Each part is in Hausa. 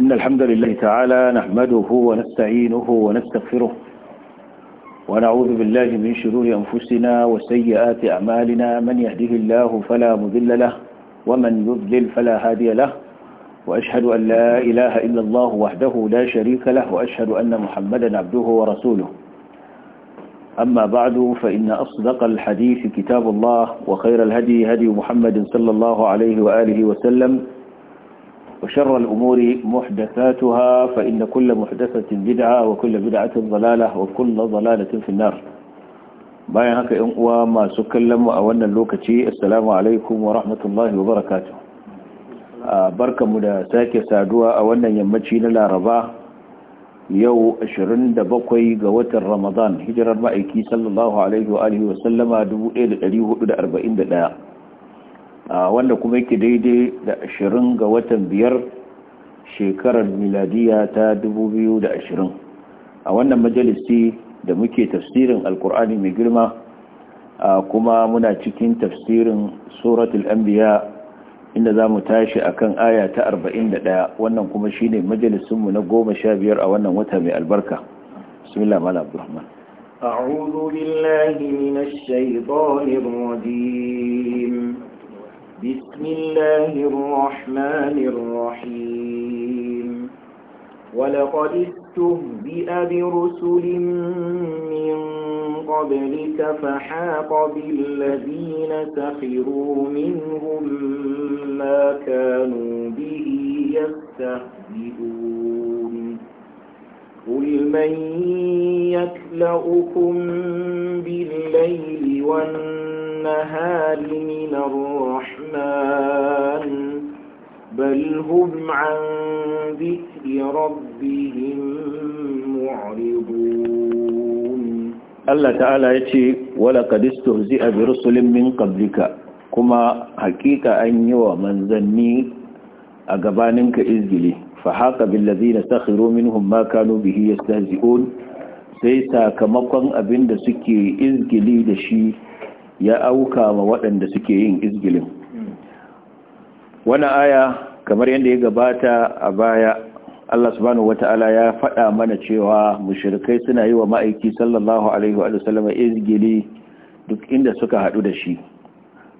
إن الحمد لله تعالى نحمده ونستعينه ونستغفره ونعوذ بالله من شرور أنفسنا وسيئات أعمالنا من يهده الله فلا مذل له ومن يذلل فلا هادي له وأشهد أن لا إله إلا الله وحده لا شريك له وأشهد أن محمدا عبده ورسوله أما بعد فإن أصدق الحديث كتاب الله وخير الهدي هدي محمد صلى الله عليه وآله وسلم وشر الأمور محدثاتها فإن كل محدثة بدعة وكل بدعة ضلالة وكل ضلالة في النار bayan haka ‘yan uwa masu kallon mu a wannan lokaci assalamu alaikum wa rahmatullahi wa barakatu a barkanmu da sake saduwa a wannan yammaci na laraba yau 27 ga watan ramadan hijirar ma’aiki sallallahu alaihi wa sallama 1441 wanda kuma yake daidai da 20 ga watan biyar shekarar miladiya ta da ashirin a wannan majalisi da muke tafsirin alkur'ani mai girma a kuma muna cikin tafsirin suratul anbiya inda za mu tashi a kan aya ta arba'in da ɗaya wannan kuma shi ne majalisunmu na biyar a wannan wata mai albarka bismillah mala abdurrahman أعوذ بالله من الشيطان الرجيم بسم الله الرحمن الرحيم ولقد استهزئ برسل من قبلك فحاق بالذين سخروا منهم ما كانوا به يستهزئون قل من يكلؤكم بالليل والنهار النهار من الرحمن بل هم عن ذكر ربهم معرضون الله تعالى يتي ولقد استهزئ برسل من قبلك كما حقيقة أن يوى من ذني أقبانك إزجلي فحاق بالذين سخروا منهم ما كانوا به يستهزئون sai sakamakon abin da suke izgili da shi ya auka wa waɗanda suke yin izgilin wani aya kamar yadda ya gabata a baya Allah subhanahu wata'ala ya faɗa mana cewa mushrikai suna yi wa ma'aiki sallallahu alaihi wa sallam izgili duk inda suka haɗu da shi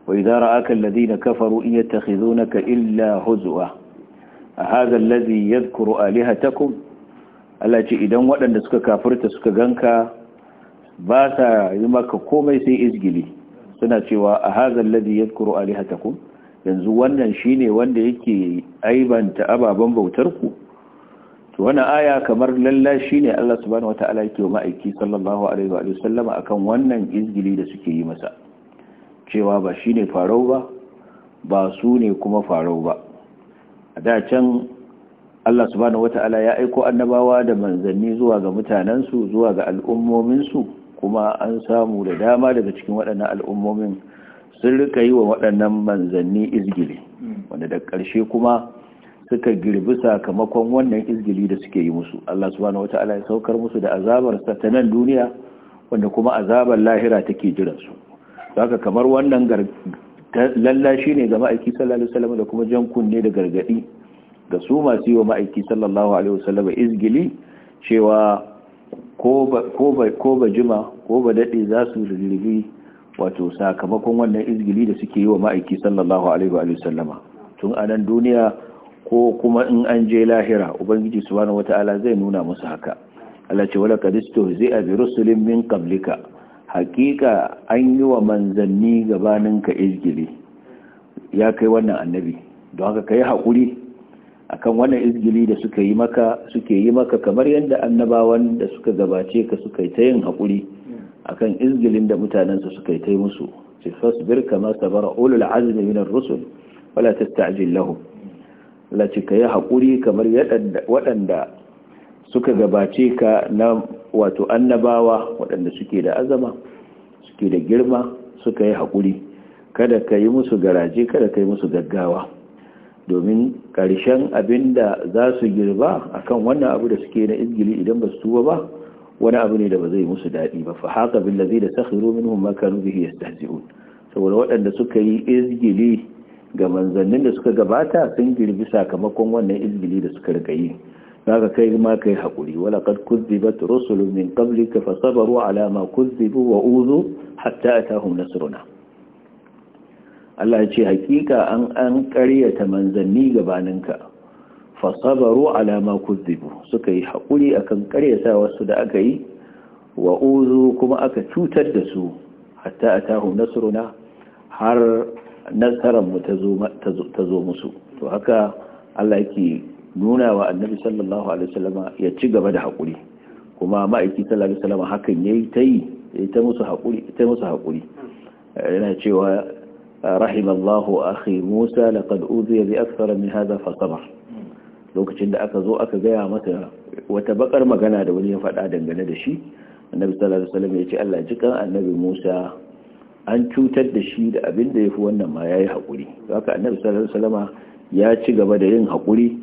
wa idza ra'aka alladhina kafaru in yattakhizunaka illa huzwa a hadha alladhi yadhkuru alihatakum Allah ce idan waɗanda suka kafirta suka ganka ba sa yi maka komai sai izgili suna cewa a hazal ladhi yadhkuru alihatakum yanzu wannan shine wanda yake aibanta ababan bautar ku to wannan aya kamar lalla shine Allah subhanahu wataala yake wa ma'aiki sallallahu alaihi wa sallama akan wannan izgili da suke yi masa cewa ba shine farau ba ba su ne kuma farau ba a da can Allah subhanahu wata'ala ya aiko annabawa da manzanni zuwa ga mutanensu zuwa ga al'ummominsu kuma an samu da dama daga cikin waɗannan al'ummomin sun rika yi wa waɗannan manzanni izgili wanda da ƙarshe kuma suka girbi sakamakon wannan izgili da suke yi musu Allah subhanahu wata'ala ya saukar musu da azabar ta nan duniya wanda kuma azabar lahira take jiransu haka kamar wannan lallashi ne ga ma'aiki sallallahu alaihi wasallam da kuma jan kunne da gargadi ga su masu yi wa ma'aiki sallallahu alaihi wasallam izgili cewa ko ba jima ko ba daɗe za su rirribi wato sakamakon wannan izgili da suke yi wa ma'aiki sallallahu alaihi wa sallama tun a nan duniya ko kuma in an je lahira ubangiji subhanahu wata'ala zai nuna musu haka Allah ce wala kadisto zai bi rusulin min qablika hakika an yi wa manzanni gabaninka izgili ya kai wannan annabi don haka kai hakuri akan wannan izgili da suka yi maka suke yi maka kamar yadda annabawan da suka gabace ka suka yi ta yin haƙuri akan izgilin da mutanensu suka yi ta yi musu ce fasbir kama sabara ulul azmi min ar-rusul wala tasta'jil lahum la ce ka yi haƙuri kamar waɗanda suka gabace ka na wato annabawa waɗanda suke da azama suke da girma suka yi haƙuri kada ka yi musu garaje kada ka yi musu gaggawa domin ƙarshen abin da za su girba akan wannan abu da suke na izgili idan ba su tuba ba wani abu ne da ba zai musu daɗi ba fa haka bin lazi da sakhiru min ma kanu bihi saboda waɗanda suka yi izgili ga manzannin da suka gabata sun girbi sakamakon wannan izgili da suka rika yi zaka kai ma kai hakuri wala qad kuzzibat rusulun min qablika fasabaru ala ma kuzzibu wa uzu hatta atahum nasruna Allah ce hakika an an ƙaryata manzanni gabaninka sabaru ala ma kuzibu suka yi hakuri akan ƙaryata wasu da aka yi wa uzu kuma aka cutar da su hatta atahu nasruna har nasarar mu ta zo musu to haka Allah yake nuna wa annabi sallallahu alaihi wasallama ya ci gaba da hakuri kuma ma'aiki sallallahu alaihi wasallama hakan yayi tayi yi ta musu hakuri ta musu hakuri yana cewa رحم الله أخي موسى لقد أوذي بأكثر من هذا فصبر lokacin da aka zo aka gaya mata wata bakar magana da wani ya faɗa dangane da shi annabi sallallahu alaihi wasallam ya ce Allah jikan annabi Musa an cutar da shi da abin da yafi wannan ma yayi hakuri haka annabi sallallahu alaihi ya ci gaba da yin hakuri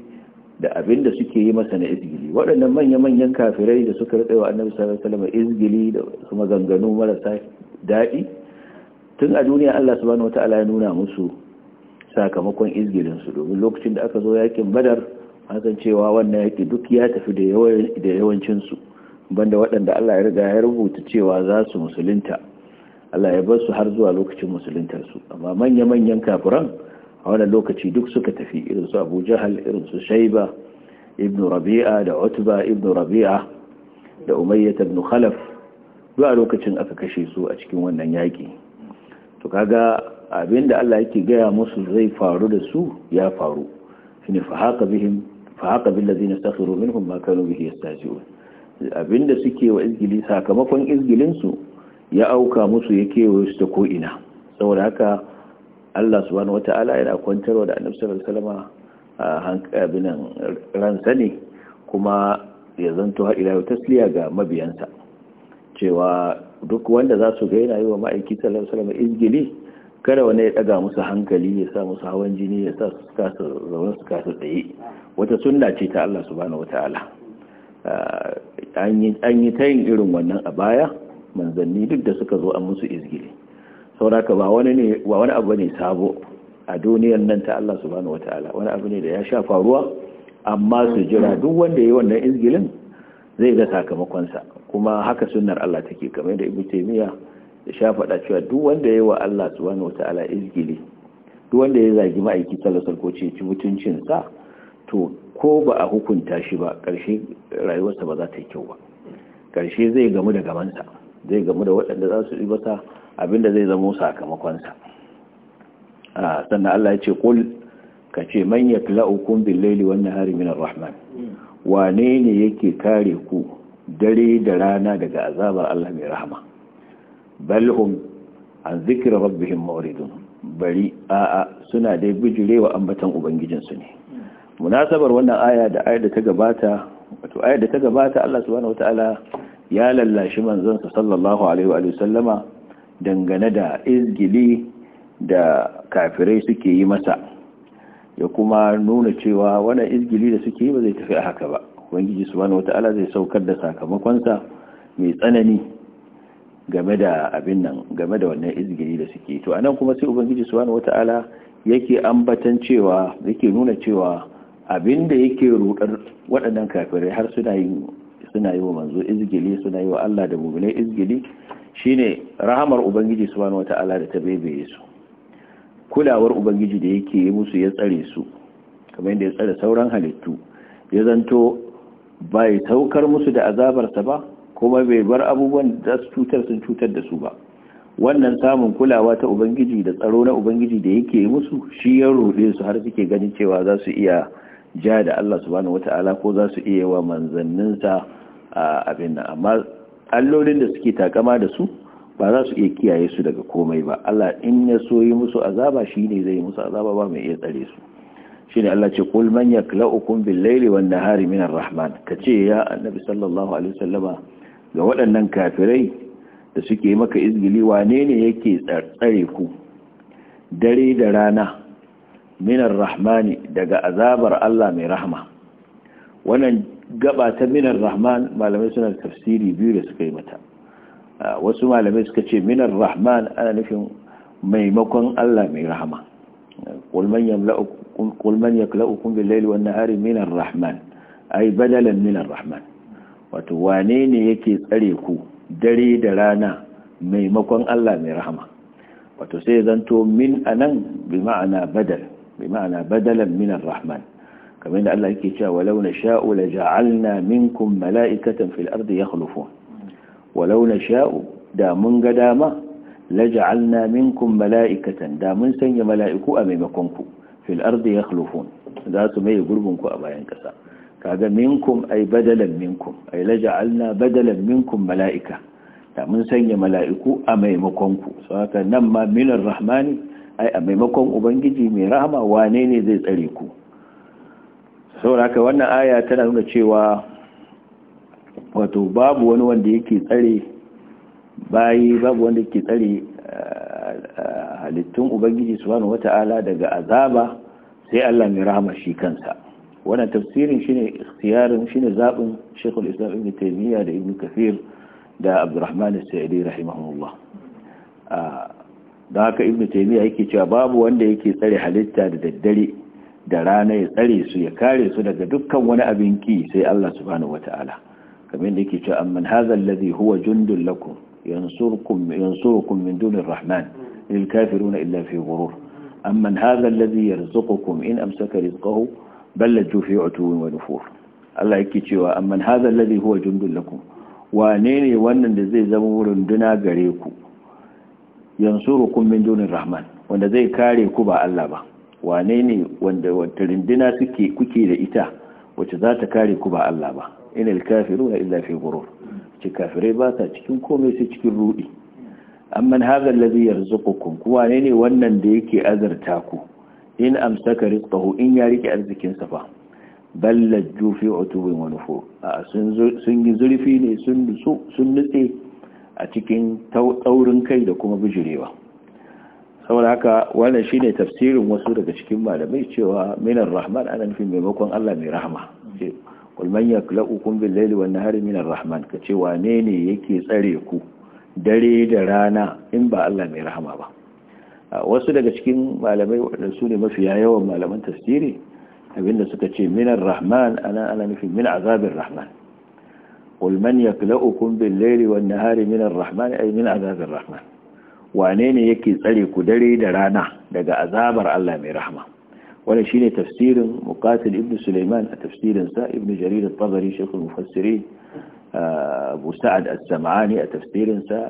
da abin da suke yi masa na izgili waɗannan manya manyan kafirai da suka rutsewa annabi sallallahu alaihi wasallama izgili da kuma marasa daɗi tun a duniya Allah subhanahu wata'ala ya nuna musu sakamakon izgilinsu. domin lokacin da aka zo yakin badar hakan cewa wannan yaki duk ya tafi da yawancinsu. su banda waɗanda Allah ya riga ya rubuta cewa za su musulunta Allah ya bar su har zuwa lokacin musuluntarsu amma manya-manyan kafiran a wannan lokaci duk suka tafi irin su Abu Jahal irin su Shaiba ibn Rabi'a da Utba ibn Rabi'a da Umayyah ibn Khalaf duk a lokacin aka kashe su a cikin wannan yaƙi. to kaga abinda Allah yake gaya musu zai faru da su ya faru shine fa haka bihim fa haka bil ladina sakhiru minhum ma kanu bihi abin abinda suke wa izgili sakamakon izgilin ya auka musu ya kewaye su ta ko ina saboda haka Allah subhanahu wataala yana kwantarwa da Annabi sallallahu alaihi wasallam a binan ransa ne kuma ya zanto har ila tasliya ga mabiyansa cewa duk wanda za su ga yana yi wa ma'aiki sallallahu alaihi wasallam izgili kada wani ya daga musu hankali ya sa musu hawan jini ya sa su kasu zaune su kasa tsaye wata sunna ce ta Allah subhanahu ta'ala ah, an yi ta irin wannan a baya manzanni duk da suka zo an musu izgili sauraka ba wani abu ne sabo a duniyar nan ta Allah subhanahu ta'ala wani abu ne da ya sha faruwa amma su jira duk wanda ya yi wannan izgilin zai ga sakamakonsa kuma haka sunnar Allah take kamar da Ibn Taymiyyah ya sha faɗa cewa duk wanda yayi wa Allah subhanahu wataala izgili duk wanda ya zagi ma'aiki sallallahu ko ce mutuncin sa to ko ba a hukunta shi ba ƙarshe rayuwarsa ba za ta yi kyau ba karshe zai gamu da gamansa zai gamu da waɗanda za su yi abinda zai zamo sakamakonsa sannan Allah ya ce kul ka ce man yakla'ukum bil laili wan nahari min ar-rahman hmm. wane ne yake kare ku dare da rana daga azabar Allah mai rahama balhum an zikira rabbihim mawridun bari a'a suna dai bijirewa ambatan ubangijinsu ne munasabar wannan aya da ayar da ta gabata wato ayar da ta gabata Allah subhanahu wataala ya lallashi sa sallallahu alaihi wa sallama dangane da izgili da kafirai suke yi masa ya kuma nuna cewa wannan izgili da suke yi ba zai tafi haka ba ubangiji subhanahu wataala zai saukar da sakamakonsa mai tsanani game da abin nan game da wannan izgiri da suke to anan kuma sai ubangiji subhanahu wataala yake ambatan cewa yake nuna cewa abin da yake rudar waɗannan kafirai har suna yi suna yi wa manzo izgili suna yi wa Allah da mu'minai izgili shine rahamar ubangiji subhanahu wataala da ta bebe su kulawar ubangiji da yake yi musu ya tsare su kamar yadda ya tsare sauran halittu ya zanto bai saukar musu da azabarsa ba kuma bai bar abubuwan da su cutar sun cutar da su ba wannan samun kulawa ta ubangiji da tsaro na ubangiji da yake musu shi ya ruɗe su har suke ganin cewa za su iya ja da Allah subhanahu wata'ala ko za su iya wa manzanninsa abin nan amma allolin da suke takama da su ba za su iya kiyaye su daga komai ba Allah in ya so yi musu azaba shine zai musu azaba ba mai iya tsare su shin Allah ce kul man yaklaukum bil laili wan nahari minar rahman kace ya annabi sallallahu alaihi wasallama ga waɗannan kafirai da suke maka izgili wane ne yake tsare ku dare da rana minar rahmani daga azabar Allah mai rahma wannan gaba ta minar rahman malamai suna tafsiri biyu da suka yi mata wasu malamai suka ce minar rahman ana nufin maimakon Allah mai rahma قل من يملأكم قل من يكلأكم بالليل والنهار من الرحمن أي بدلا من الرحمن وتوانين يكي تريكو دري درانا ميمكن الله من رحمه وتسيدنتو من أنن بمعنى بدل بمعنى بدلا من الرحمن كما إن الله يكي ولو نشاء لجعلنا منكم ملائكة في الأرض يخلفون ولو نشاء دا من قدامه laja'alna minkum mala'ikatan da mun sanya mala'iku a maimakon ku fil ardi za su mai gurbin ku a bayan kasa kaga minkum ay badalan minkum ay laja'alna badalan minkum mala'ika da mun sanya mala'iku a maimakon ku saboda nan ma minar rahmani ai a maimakon ubangiji mai rahma wane ne zai tsare ku saboda wannan aya tana nuna cewa wato babu wani wanda yake tsare bayi babu wanda ke tsare eh, eh, halittun ubangiji subhanahu wata'ala daga azaba sai Allah mai rahama shi kansa wannan tafsirin shine ikhtiyarin shine zabin Sheikh islam Ibn Taymiyyah da Ibn Kathir da Abdurrahman As-Sa'idi rahimahullah ah, da haka Ibn Taymiyyah yake cewa babu wanda yake tsare halitta da daddare da rana ya tsare su ya kare su daga dukkan wani abin ki sai Allah subhanahu wata'ala kamar yadda yake cewa amman hadha alladhi huwa jundun lakum ينصركم ينصركم من دون الرحمن للكافرون إلا في غرور أما هذا الذي يرزقكم إن أمسك رزقه بلجوا في عتو ونفور الله يكتوى أما هذا الذي هو جند لكم وانيني وانا نزي زبور دنا غريكو ينصركم من دون الرحمن وانا زي كاري كوبا ألابا وانيني وانا ترندنا سكي كوكي لإتا وتذات كاري كوبا ألابا إن الكافرون إلا في غرور ce kafirai ba ta cikin komai sai cikin ruɗi amman hadha alladhi yarzuqukum kuwa ne ne wannan da yake azarta ku in amsaka rizqahu in ya rike arzikin sa fa jufi a tubin wani fo sun sun yi zurfi ne sun nutse a cikin taurin kai da kuma bijirewa saboda haka wannan shi ne tafsirin wasu daga cikin malamai cewa minar rahman ana nufin maimakon Allah mai rahama qul man yaklaukum bil laili wan nahari min rahman ce wane ne yake tsare ku dare da rana in ba Allah mai rahama ba wasu daga cikin malamai waɗanda su ne mafiya yawan malaman tafsiri abinda suka ce minar rahman ana ana nufin min azabin rahman qul man yaklaukum bil laili wan nahari min rahman ay min azabin rahman wane ne yake tsare ku dare da rana daga azabar Allah mai rahama ولا شيء تفسير مقاتل ابن سليمان تفسير انسى ابن جرير الطبري شيخ المفسرين آه، ابو سعد السمعاني تفسير انسى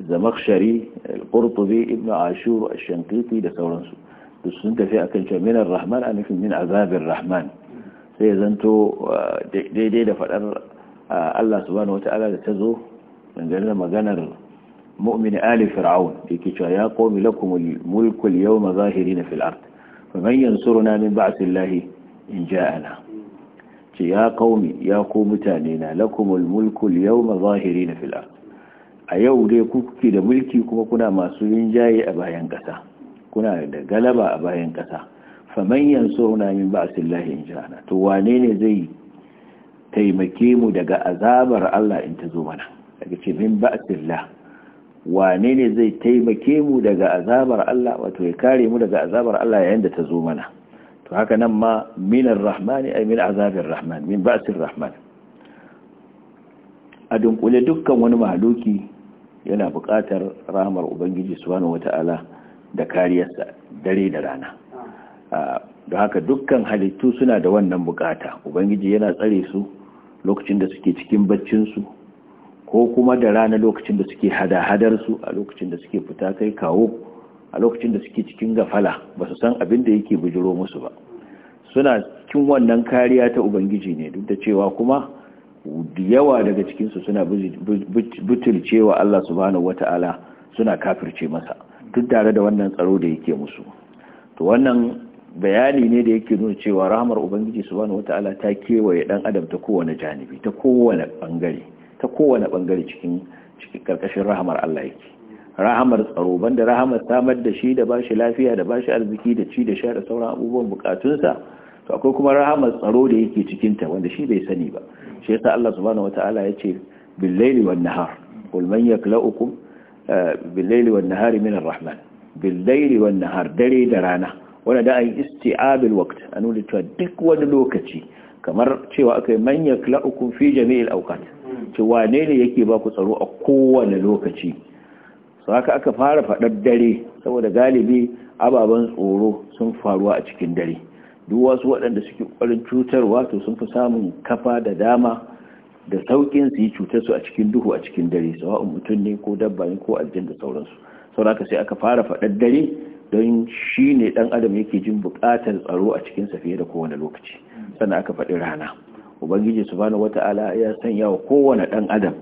الزمخشري القرطبي ابن عاشور الشنقيطي لثورنسو تسنت في أكل من الرحمن أنك من عذاب الرحمن سيزنتو آه، دي دي دفع آه، الله سبحانه وتعالى تزو من ذلك ما مؤمن آل فرعون في كتاب يا قوم لكم الملك اليوم ظاهرين في الأرض faman yansuruna min ba'sillahi in ja'ana ce ya qaumi ya ku mutane na lakumul mulku al-yawma zahirin fil a yau dai ku kuke da mulki kuma kuna masu rinjaye a bayan kasa kuna da galaba a bayan kasa faman yansuruna min ba'sillahi in ja'ana to wane ne zai taimake mu daga azabar Allah in ta zo mana daga ce min ba'sillah wane ne zai taimake mu daga azabar Allah wato ya kare mu daga azabar Allah yayin da ta zo mana to haka nan ma minar rahmani ay min azabir rahman min ba'sir rahman a dunkule dukkan wani mahaloki yana buƙatar rahmar ubangiji subhanahu wata'ala da kariyarsa dare da rana don haka dukkan halittu suna da wannan bukata ubangiji yana tsare su lokacin da suke cikin baccinsu ko kuma da rana lokacin da suke hada hadar su a lokacin da suke fita kai kawo a lokacin da suke cikin gafala ba su san abin da yake bujiro musu ba suna cikin wannan kariya ta ubangiji ne duk da cewa kuma yawa daga cikinsu suna butulcewa Allah subhanahu wata'ala suna kafirce masa duk tare da wannan tsaro da yake musu to wannan bayani ne da yake nuna cewa rahmar ubangiji subhanahu wata'ala ta kewaye dan adam ta kowane janibi ta kowane bangare ta kowane bangare cikin cikin karkashin rahamar Allah yake rahamar tsaro banda rahamar samar da shi da bashi lafiya da bashi arziki da ci da sha da sauran abubuwan bukatunsa to akwai kuma rahamar tsaro da yake cikin ta wanda shi bai sani ba shi yasa Allah subhanahu wataala yace bil minan wan nahar qul man yaklaukum eh, wan nahari min arrahman wan nahar dare da rana wanda da ayi isti'abil waqt an cewa duk wani lokaci kamar cewa akai man yaklaukum fi jami'il awqat ce wane ne yake ba ku tsaro a kowane lokaci su haka aka fara faɗar dare saboda galibi ababen tsoro sun faruwa a cikin dare duk wasu waɗanda suke ƙwarin cutarwa to sun fi samun kafa da dama da sauƙin su yi cutarsu a cikin duhu a cikin dare sawa'un mutum ne ko dabba ne ko aljin da sauransu sauraka sai aka fara faɗar dare don shi ne ɗan adam yake jin buƙatar tsaro a cikin fiye da kowane lokaci sannan aka faɗi rana ubangiji subhanahu wata'ala ya sanya wa kowane dan adam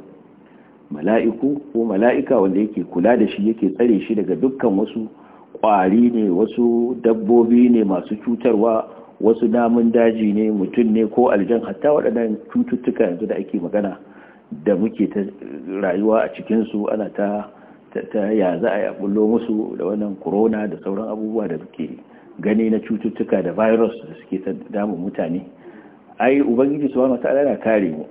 mala'iku ko mala'ika wanda yake kula da shi yake tsare shi daga dukkan wasu kwari ne wasu dabbobi ne masu cutarwa wasu namun daji ne mutum ne ko aljan hatta waɗannan cututtuka yanzu da ake magana da muke ta rayuwa a cikinsu ana ta ta za a yabullo musu da wannan corona da sauran abubuwa da muke gani na cututtuka da virus da suke ta damun mutane ai ubangiji subhanahu wataala yana kare mu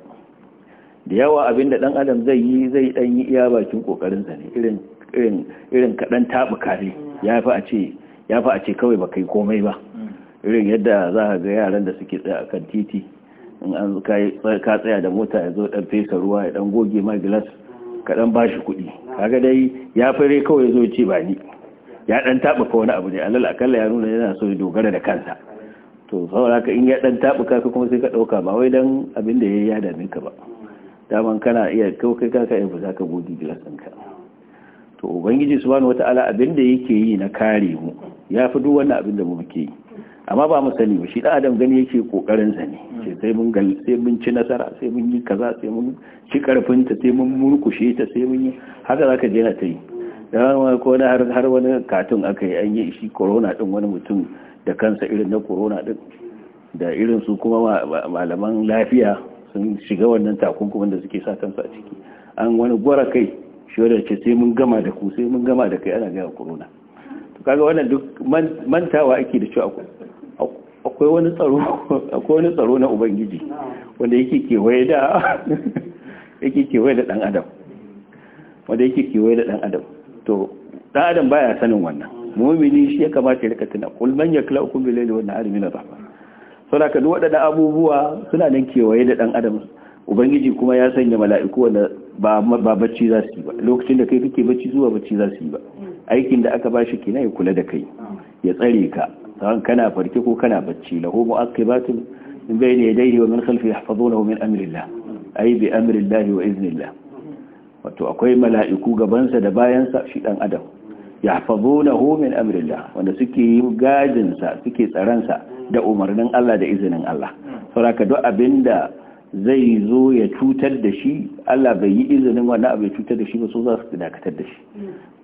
da yawa abinda dan adam zai yi zai dan yi iya bakin kokarin sa ne irin irin irin kadan tabu kare yafi a ce yafi a ce kawai baka yi komai ba irin yadda za ka ga yaran da suke tsaya kan titi in an ka tsaya da mota ya zo dan fesa ruwa ya dan goge mai glass ka dan bashi kuɗi kaga dai ya fare kawai zo ce ba ni ya dan tabu ka wani abu ne alal akalla ya nuna yana so ya dogara da kansa to saboda ka in ya dan tabuka ka kuma sai ka dauka ba wai dan abin da yayi ya dame ka ba daman kana iya kai kai ka kai ba za ka goge gilas ɗinka to ubangiji subhanahu wataala abin da yake yi na kare mu ya fi duk wannan abin da mu muke yi amma ba mu sani ba shi dan adam gani yake kokarin sa ne sai mun gal sai mun ci nasara sai mun yi kaza sai mun ci karfin ta sai mun murkushe ta sai mun yi haka zaka je na ta yi dan ko na har har wani katun akayi an yi shi corona din wani mutum da kansa irin na corona din da irin su kuma malaman lafiya sun shiga wannan takunkumin da suke sa kansa a ciki an wani gwara kai shi wadda ce sai mun gama da ku sai mun gama da kai ana gaya corona to kaga wannan duk mantawa ake da cewa akwai wani tsaro akwai wani tsaro na ubangiji wanda yake kewaye da yake kewaye da dan adam wanda yake kewaye da dan adam to dan adam baya sanin wannan mumini shi ya kamata ya rika tuna kul man yaklaukum bil laili wan nahari min rahma saboda duk abubuwa suna nan kewaye da dan adam ubangiji kuma ya sanya mala'iku wanda ba bacci za su yi ba lokacin da kai kake bacci zuwa bacci za su yi ba aikin da aka ba shi kina ya kula da kai ya tsare ka sawan kana farke ko kana bacci lahu ya min bayni yadayhi wa min khalfihi yahfazunahu min amrillah ay bi amrillah wa iznillah wato akwai mala'iku gabansa da bayansa shi dan adam na homin amrillah wanda suke yin gajinsa sa suke tsaron da umarnin Allah da izinin Allah saboda duk abinda zai zo ya cutar da shi Allah bai yi izinin wannan abu ya cutar da shi ba so za su dakatar da shi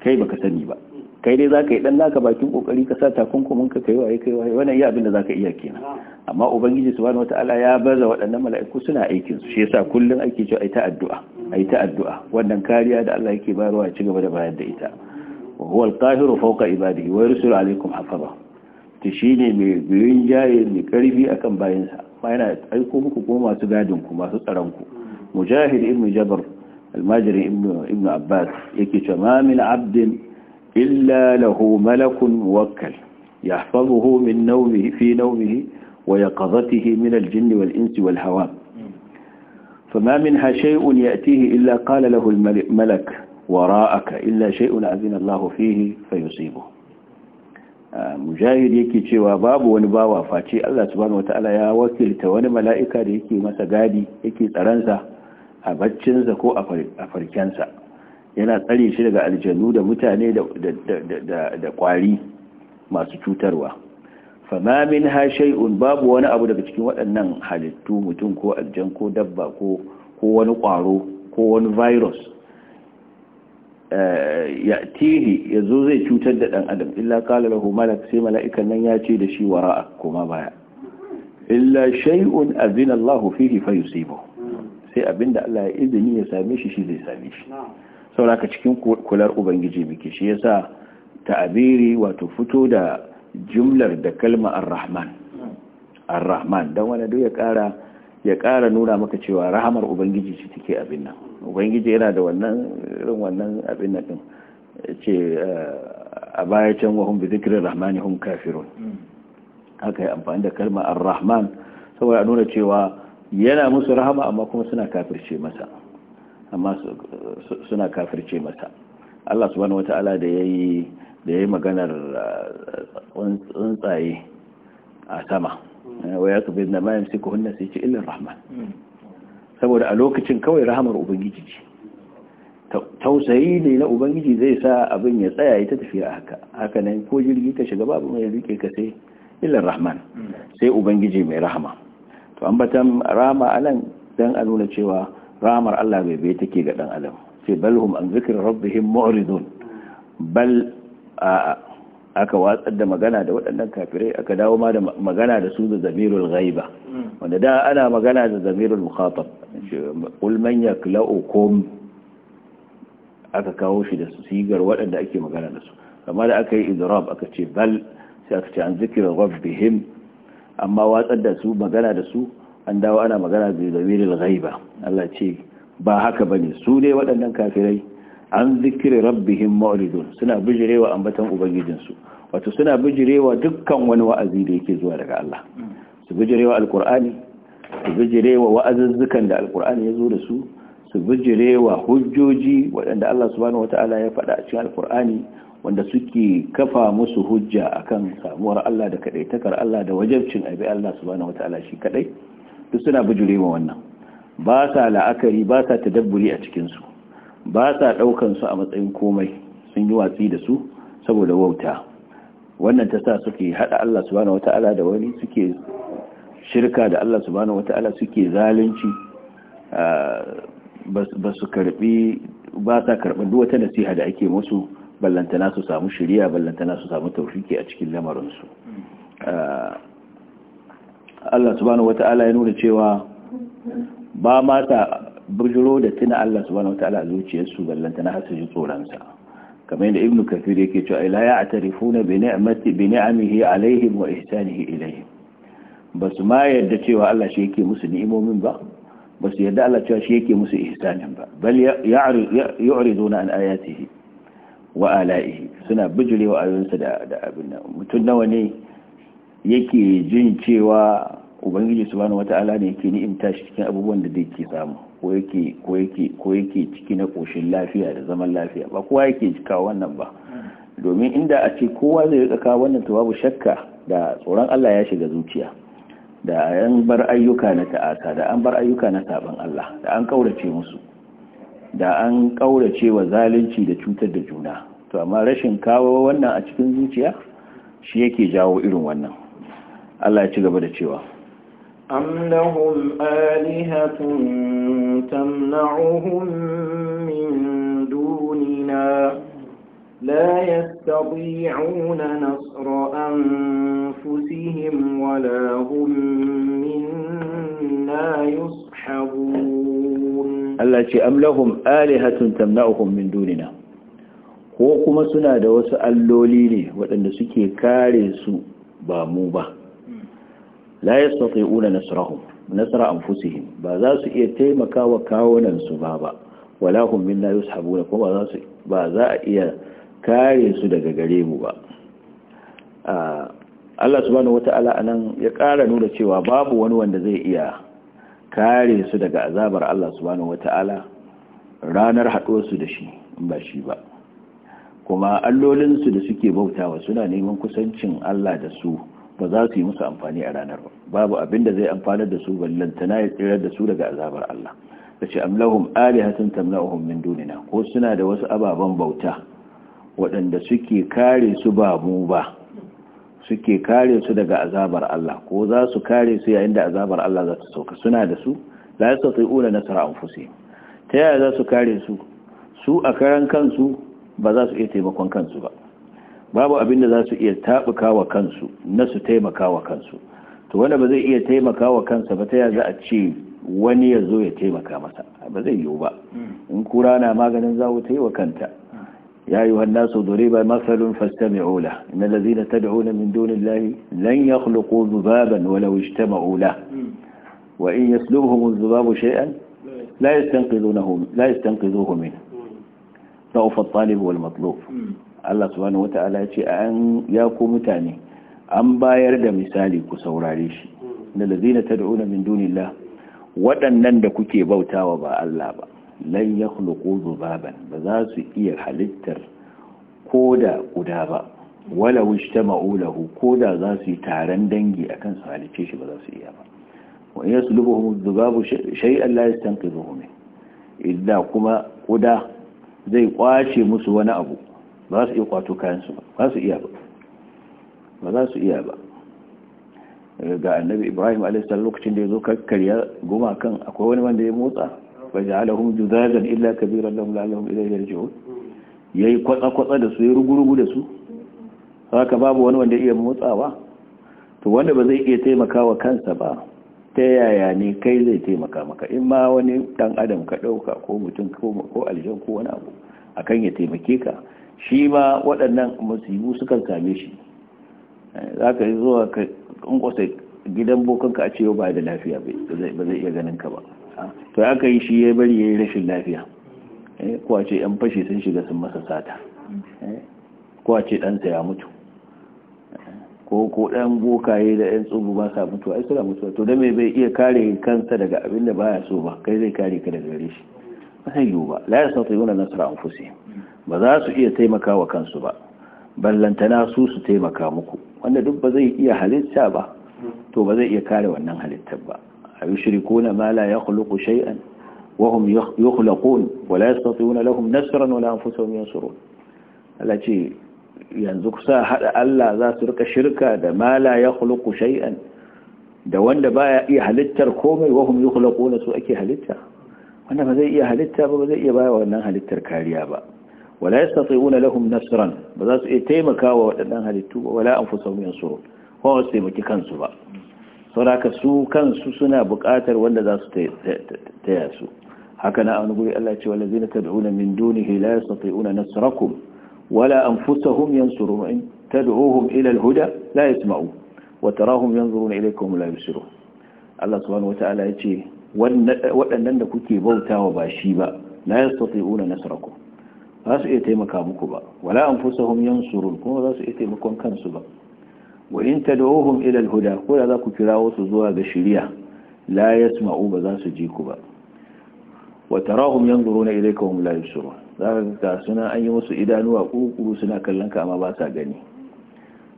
kai baka sani ba kai dai ka yi dan naka bakin kokari ka sa takunkumin ka kai waye kai waye wannan iya za ka iya kenan amma ubangiji subhanahu wataala ya baza waɗannan mala'iku suna aikin su shi yasa kullun ake cewa ai ta addu'a ai ta addu'a wannan kariya da Allah yake bayarwa ya ci gaba da bayar da ita وهو القاهر فوق عباده ويرسل عليكم حفظه تشيني بين جاي مكرفي أكم باينسا ما ينا أيكم كم ما تقادنكم مجاهد ابن جبر الماجري ابن, ابن عباس يكي ما من عبد إلا له ملك موكل يحفظه من نومه في نومه ويقظته من الجن والإنس والهوام فما منها شيء يأتيه إلا قال له الملك wara'aka illa shay'un azina Allah fihi fayusibu mujahid yake cewa babu wani bawa face Allah subhanahu wataala ya wakilta wani mala'ika da yake masa gadi yake tsaransa a sa ko a farkensa yana tsare shi daga aljannu da mutane da kwari masu cutarwa fama min ha shay'un babu wani abu daga cikin waɗannan halittu mutum ko aljan ko dabba ko wani kwaro ko wani virus ya zo zai cutar da dan adam illa kala lahu malak sai mala'ikan nan ya ce da shi ra'a kuma baya illa shay'un azina Allah fihi fayusibuhu sai abinda Allah ya izini ya same shi shi zai same shi sauraka cikin kular ubangiji muke shi ya yasa ta'abiri wato fito da jumlar da kalma ar-rahman rahman dan wani duk ya kara ya ƙara nuna maka cewa rahamar ubangiji ce take abin nan ubangiji yana da wannan irin wannan abin nan din ce a baya can wa hum bi dhikrir rahmani hum kafirun haka yi amfani da kalmar ar-rahman saboda nuna cewa yana musu rahama amma kuma suna kafirce masa amma suna kafirce masa Allah subhanahu wataala da yayi da yayi maganar uh, tsuntsaye a sama Eh, wa ya kabe na mayan sai hunna sai ce illa rahman hmm. saboda a lokacin kawai rahamar ubangiji ce tausayi ne na ubangiji zai sa abin ya tsaya ya ta tafiya haka haka nan ko jirgi ka shiga babu mai rike ka sai illa rahman hmm. sai ubangiji mai rahama to ambatan rahama anan dan a nuna cewa rahamar Allah bai bai take ga dan adam sai balhum an zikr rabbihim mu'ridun bal a aka watsar da magana da waɗannan kafirai aka dawo ma da magana da su da zamirul ghaiba mm. wanda da ana magana da zamirul mukhatab kul man yaklaukum aka kawo shi da sigar waɗanda ake magana da su amma da aka yi idrab aka ce bal sai aka ce an zikira rabbihim amma watsar da su magana da su an dawo ana magana da zamirul ghaiba Allah ce ba haka bane su ne waɗannan kafirai an zikiri rabbihim ma'ridun suna bijirewa ambatan ubangijinsu wato suna bijirewa dukkan wani wa'azi da yake zuwa daga Allah su bijirewa alqur'ani su bijirewa wa'azuzzukan da alqur'ani ya zo da su su bijirewa hujjoji waɗanda Allah subhanahu wataala ya faɗa a cikin alqur'ani wanda suke kafa musu hujja akan samuwar Allah da kadaitakar Allah da wajabcin abi Allah subhanahu wataala shi kadai duk suna bijirewa wannan ba sa la'akari ba sa tadabburi a cikin su ba sa daukan su a matsayin komai sun yi watsi da su saboda wauta wannan ta sa suke hada Allah subhanahu wata'ala da wani suke shirka da Allah subhanahu wata'ala suke zalunci ba su karbi ba sa karɓar duk wata nasiha da ake musu ballantana su samu shiriya ballantana su samu tawfiki a cikin lamarinsu Allah subhanahu wata'ala ya nuna cewa ba ma ta bujiro da tuna Allah subhanahu wataala a zuciyarsu ballanta na hasu ji sa kamar yadda ibnu kafir yake cewa la ya'tarifuna bi ni'amati bi ni'amihi alaihim wa ihsanihi ilaihim basu ma yadda cewa Allah shi yake musu ni'imomin ba basu yadda Allah cewa shi yake musu ihsanin ba bal ya'riduna an ayatihi wa ala'ihi suna bijirewa ayoyinsa da da abin nan mutum nawa ne yake jin cewa ubangiji subhanahu wataala ne yake ni'imta shi cikin abubuwan da yake samu ko yake ko ciki na koshin lafiya da zaman lafiya ba kowa yake kawo wannan ba domin inda a ce kowa zai rika kawo wannan to babu shakka da tsoron Allah ya shiga zuciya da an bar ayyuka na ta'ata da an bar ayyuka na saban Allah da an kaurace musu da an kaurace wa zalunci da cutar da juna to amma rashin kawo wannan a cikin zuciya shi yake jawo irin wannan Allah ya ci gaba da cewa أم لهم آلهة تمنعهم من دوننا لا يستطيعون نصر أنفسهم ولا هم منا يصحبون التي أم لهم آلهة تمنعهم من دوننا ko kuma suna da wasu alloli ne waɗanda suke kare su ba mu ba la yastati'una nasrahum nasra anfusihim ba za su iya taimakawa kawunan su ba ba wala hum minna yushabuna ko ba za su ba za a iya kare su daga gare mu ba Allah subhanahu wata'ala anan ya kara nuna cewa babu wani wanda zai iya kare su daga azabar Allah subhanahu wata'ala ranar haɗuwar su da shi ba shi ba kuma allolinsu da suke bautawa suna neman kusancin Allah da su ba za su yi musu amfani a ranar ba babu abin da zai amfanar da su ballantana ya tsirar da su daga azabar Allah da ce amlahum alihatun tamna'uhum min dunina ko suna da wasu ababen bauta waɗanda suke kare su ba mu ba suke kare su daga azabar Allah ko za su kare su yayin da azabar Allah za ta sauka suna da su la yastati'una nasra anfusihim ta yaya za su kare su su a karan kansu ba za su iya taimakon kansu ba babu abin da za su iya taɓuka wa kansu na su taimaka wa kansu to wanda ba zai iya taimaka wa kansa ba ta ya za a ce wani ya zo ya taimaka masa ba zai yiwu ba in kura na maganin zawo ta yi wa kanta ya yi wannan su dore ba fasta mai ola na lazina ta da ola min donin lahi lan ya kulko zubaban wala wuce ta ma'ola wa in ya slubhumun zubabu shay'an la yastanqizuhu min ضعف الطالب والمطلوب Allah subhanahu wata'ala ya ce an ya ku mutane an bayar da misali ku saurare shi da lazina tad'una min dunillah waɗannan da kuke bautawa ba Allah ba lan yakhluqu dhubaban ba za su iya halittar koda guda ba wala wajtama'u ko da za su yi taron dangi akan su halice shi ba za su iya ba wa yaslubuhum dhubabu shay'an la yastanqidhuhu idda kuma kuda zai kwace musu wani abu ba su iya kwato kayansu ba ba su iya ba ba za su iya ba ga annabi ibrahim a.s. lokacin da ya zo karkarya goma kan akwai wani wanda ya motsa ba ji alahun juzagen illa kabiran lahun lalahun idan ya rijo ya yi kwatsa-kwatsa da su ya rugurugu da su haka babu wani wanda ya iya motsawa to wanda ba zai iya taimaka wa kansa ba ta yaya ne kai zai taimaka maka in ma wani dan adam ka ɗauka ko mutum ko aljan ko wani abu akan ya taimake ka shi ma waɗannan musibu sukan same shi za ka yi zuwa ka kunkwasa gidan bokanka a cewa ba da lafiya ba zai iya ganin ka ba to aka yi shi ya bari ya yi rashin lafiya eh, ko a ce yan fashe sun shiga sun masa sata eh, ko a ce ɗansa ya mutu ko ko ɗan bokaye da ɗan tsubu ba sa mutu ai suna mutu to da me bai iya kare kansa daga abin da ya so ba kai zai kare ka daga gare shi ba sai yiwu ba la wani nasara an fusi. ba za su iya taimaka wa kansu ba ballantana su su taimaka muku wanda duk ba zai iya halitta ba to ba zai iya kare wannan halittar ba a yi shiriko na ma la ya kuluku shay'an wahum yukhlaqun wala yastati'una lahum nasran wala anfusuhum yansurun Allah ce yanzu kusa haɗa Allah za su rika shirka da mala la ya kuluku shay'an da wanda ba ya iya halittar komai wahum ya yukhlaquna su ake halitta wanda ba zai iya halitta ba ba zai iya wa wannan halittar kariya ba wala yastati'una lahum nasiran, ba za su iya taimakawa waɗannan halittu ba wala an anfusahum yansurun ko ba su taimaki kansu ba saboda su kansu suna buƙatar wanda za su taya su haka na an guri Allah ce walazina tad'una min dunihi la yastati'una nasrakum wala anfusahum yansurun in tad'uhum ila al-huda la yasma'u wa tarahum yanzuruna ilaykum la yusirun Allah subhanahu wataala yace waɗannan da kuke bautawa ba shi ba la yastati'una nasrakum ba su iya taimaka muku ba wala anfusahum surun kuma za su iya taimakon kansu ba wa in tad'uhum ila ilal huda ko da za ku kira wasu zuwa ga shirya la yasma'u ba za su ji ku ba wa tarahum yanzuruna na hum la yusirun za ka suna an yi musu idanuwa kuru suna kallon kama amma ba sa gani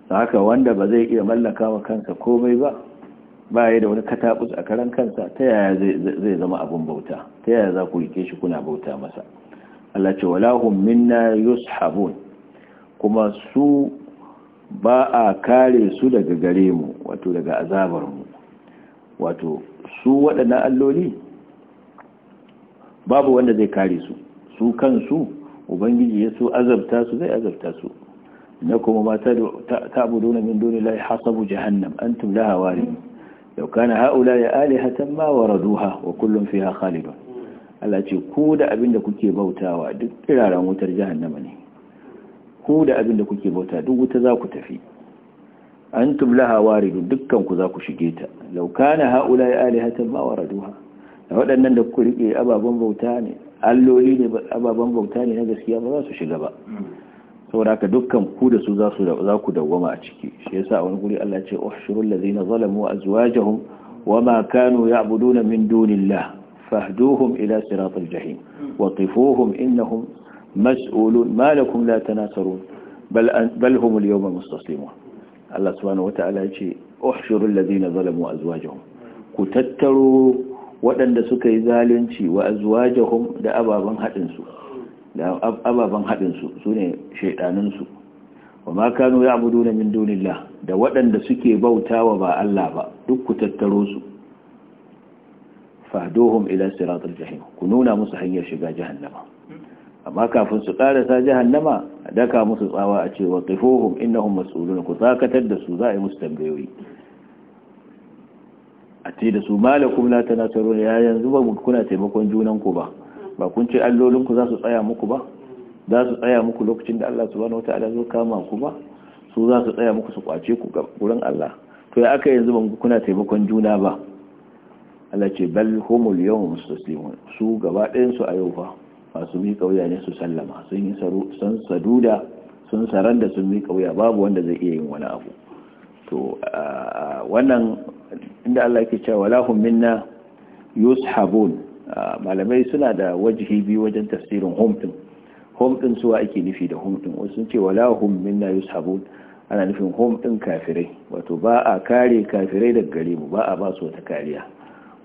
haka wanda ba zai iya mallaka wa kansa komai ba ba ya da wani katabus a karan kansa ta yaya zai zama abun bauta ta yaya za ku rike shi kuna bauta masa Allah ce wala minna yushabun kuma su ba a kare su daga gare mu wato daga azabar mu wato su waɗannan alloli babu wanda zai kare su su kansu ubangiji ya so azabta su zai azabta su na kuma ma ta abudu na min duni lai hasabu jahannam antum laha warin lau kana ha'ula ya alihatan ma Raduha wa kullum fiha khalidun Allah ce ku da abin da kuke bautawa duk kiraren wutar jahannama ne ku da abin da kuke bauta duk wuta za ku tafi antum laha waridun dukkan ku za ku shige ta laukana haula haula alihatan ma waraduha da waɗannan da ku rike ababen bauta ne alloli ne ababen bauta ne na gaskiya ba za su shiga ba saboda haka dukkan ku da su za ku dawwama a ciki shi yasa a wani guri Allah ce uhshurul ladina zalamu azwajahum wama kanu ya'buduna min dunillah فاهدوهم إلى صراط الجحيم وقفوهم إنهم مسؤولون ما لكم لا تناصرون بل, بل هم اليوم مستسلمون الله سبحانه وتعالى يقول احشروا الذين ظلموا أزواجهم كتتروا waɗanda suka yi zalunci wa azwajahum da ababen haɗinsu da ababen haɗinsu su ne shaiɗaninsu wa ma ya abudu min dunillah da waɗanda suke bautawa ba Allah ba duk ku tattaro su fahdohum ila siratul jahim ku nuna musu hanyar shiga jahannama amma kafin su karasa jahannama daka musu tsawa a ce wa qifuhum innahum mas'ulun ku zakatar da su za a yi musu tambayoyi a ce da su malakum la tanasaru ya yanzu ba kuna taimakon junan ku ba ba kun ce allolin ku za su tsaya muku ba za su tsaya muku lokacin da Allah subhanahu wataala zo kama ku ba su za su tsaya muku su kwace ku gurin Allah to ya aka yanzu ba kuna taimakon juna ba Allah ce bal humul yau mustaslimun su gaba ɗayansu a yau fa masu miƙa wuya ne su sallama sun yi sun saduda sun saran da sun mi wuya babu wanda zai iya yin wani abu to wannan inda Allah ke cewa wala hum minna yushabun malamai suna da wajihi biyu wajen tafsirin hum din hum din suwa ake nufi da hum din wasu sun ce wala hum minna yushabun ana nufin hum din kafirai wato ba a kare kafirai daga gare mu ba a ba su wata kariya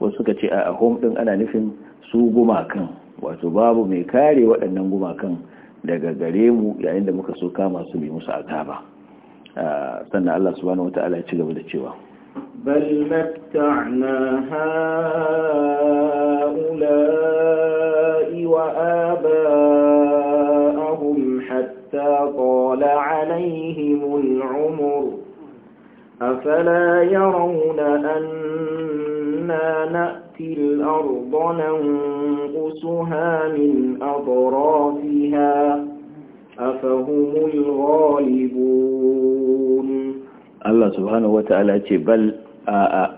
wasu ka ce a home din ana nufin su gumakan wato babu mai kare waɗannan gumakan daga gare mu yayin da muka so kama su bi musu azaba ah, sannan Allah subhanahu wataala ya ci gaba da cewa bal matta'na ha'ula'i wa aba'ahum hatta qala 'alayhim al أفلا يرون أنا نأتي الأرض ننقسها من أطرافها أفهم الغالبون الله سبحانه وتعالى بل آآ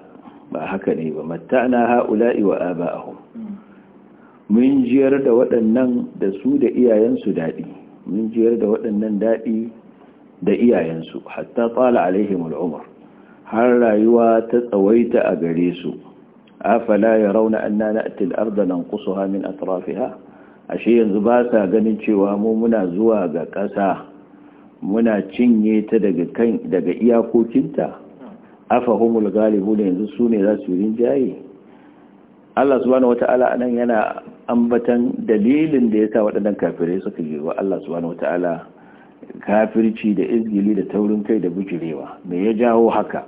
بحكني ومتعنا هؤلاء وآباءهم من جير دا waɗannan da su da iyayensu daɗi mun jiyar da waɗannan daɗi da iyayensu hatta tsala alaihimul umar har rayuwa ta tsawaita a gare su afala ya rauna anna na'ti al-ardha nanqusuha min atrafiha ashe yanzu ba sa ganin cewa mu muna zuwa ga ƙasa muna cinye ta daga kan daga iyakokinta galibu da yanzu sune za su rinjaye Allah subhanahu wata'ala anan yana ambatan dalilin da yasa waɗannan kafirai suka yi wa Allah subhanahu wata'ala kafirci da izgili da taurin kai da bujirewa me ya jawo haka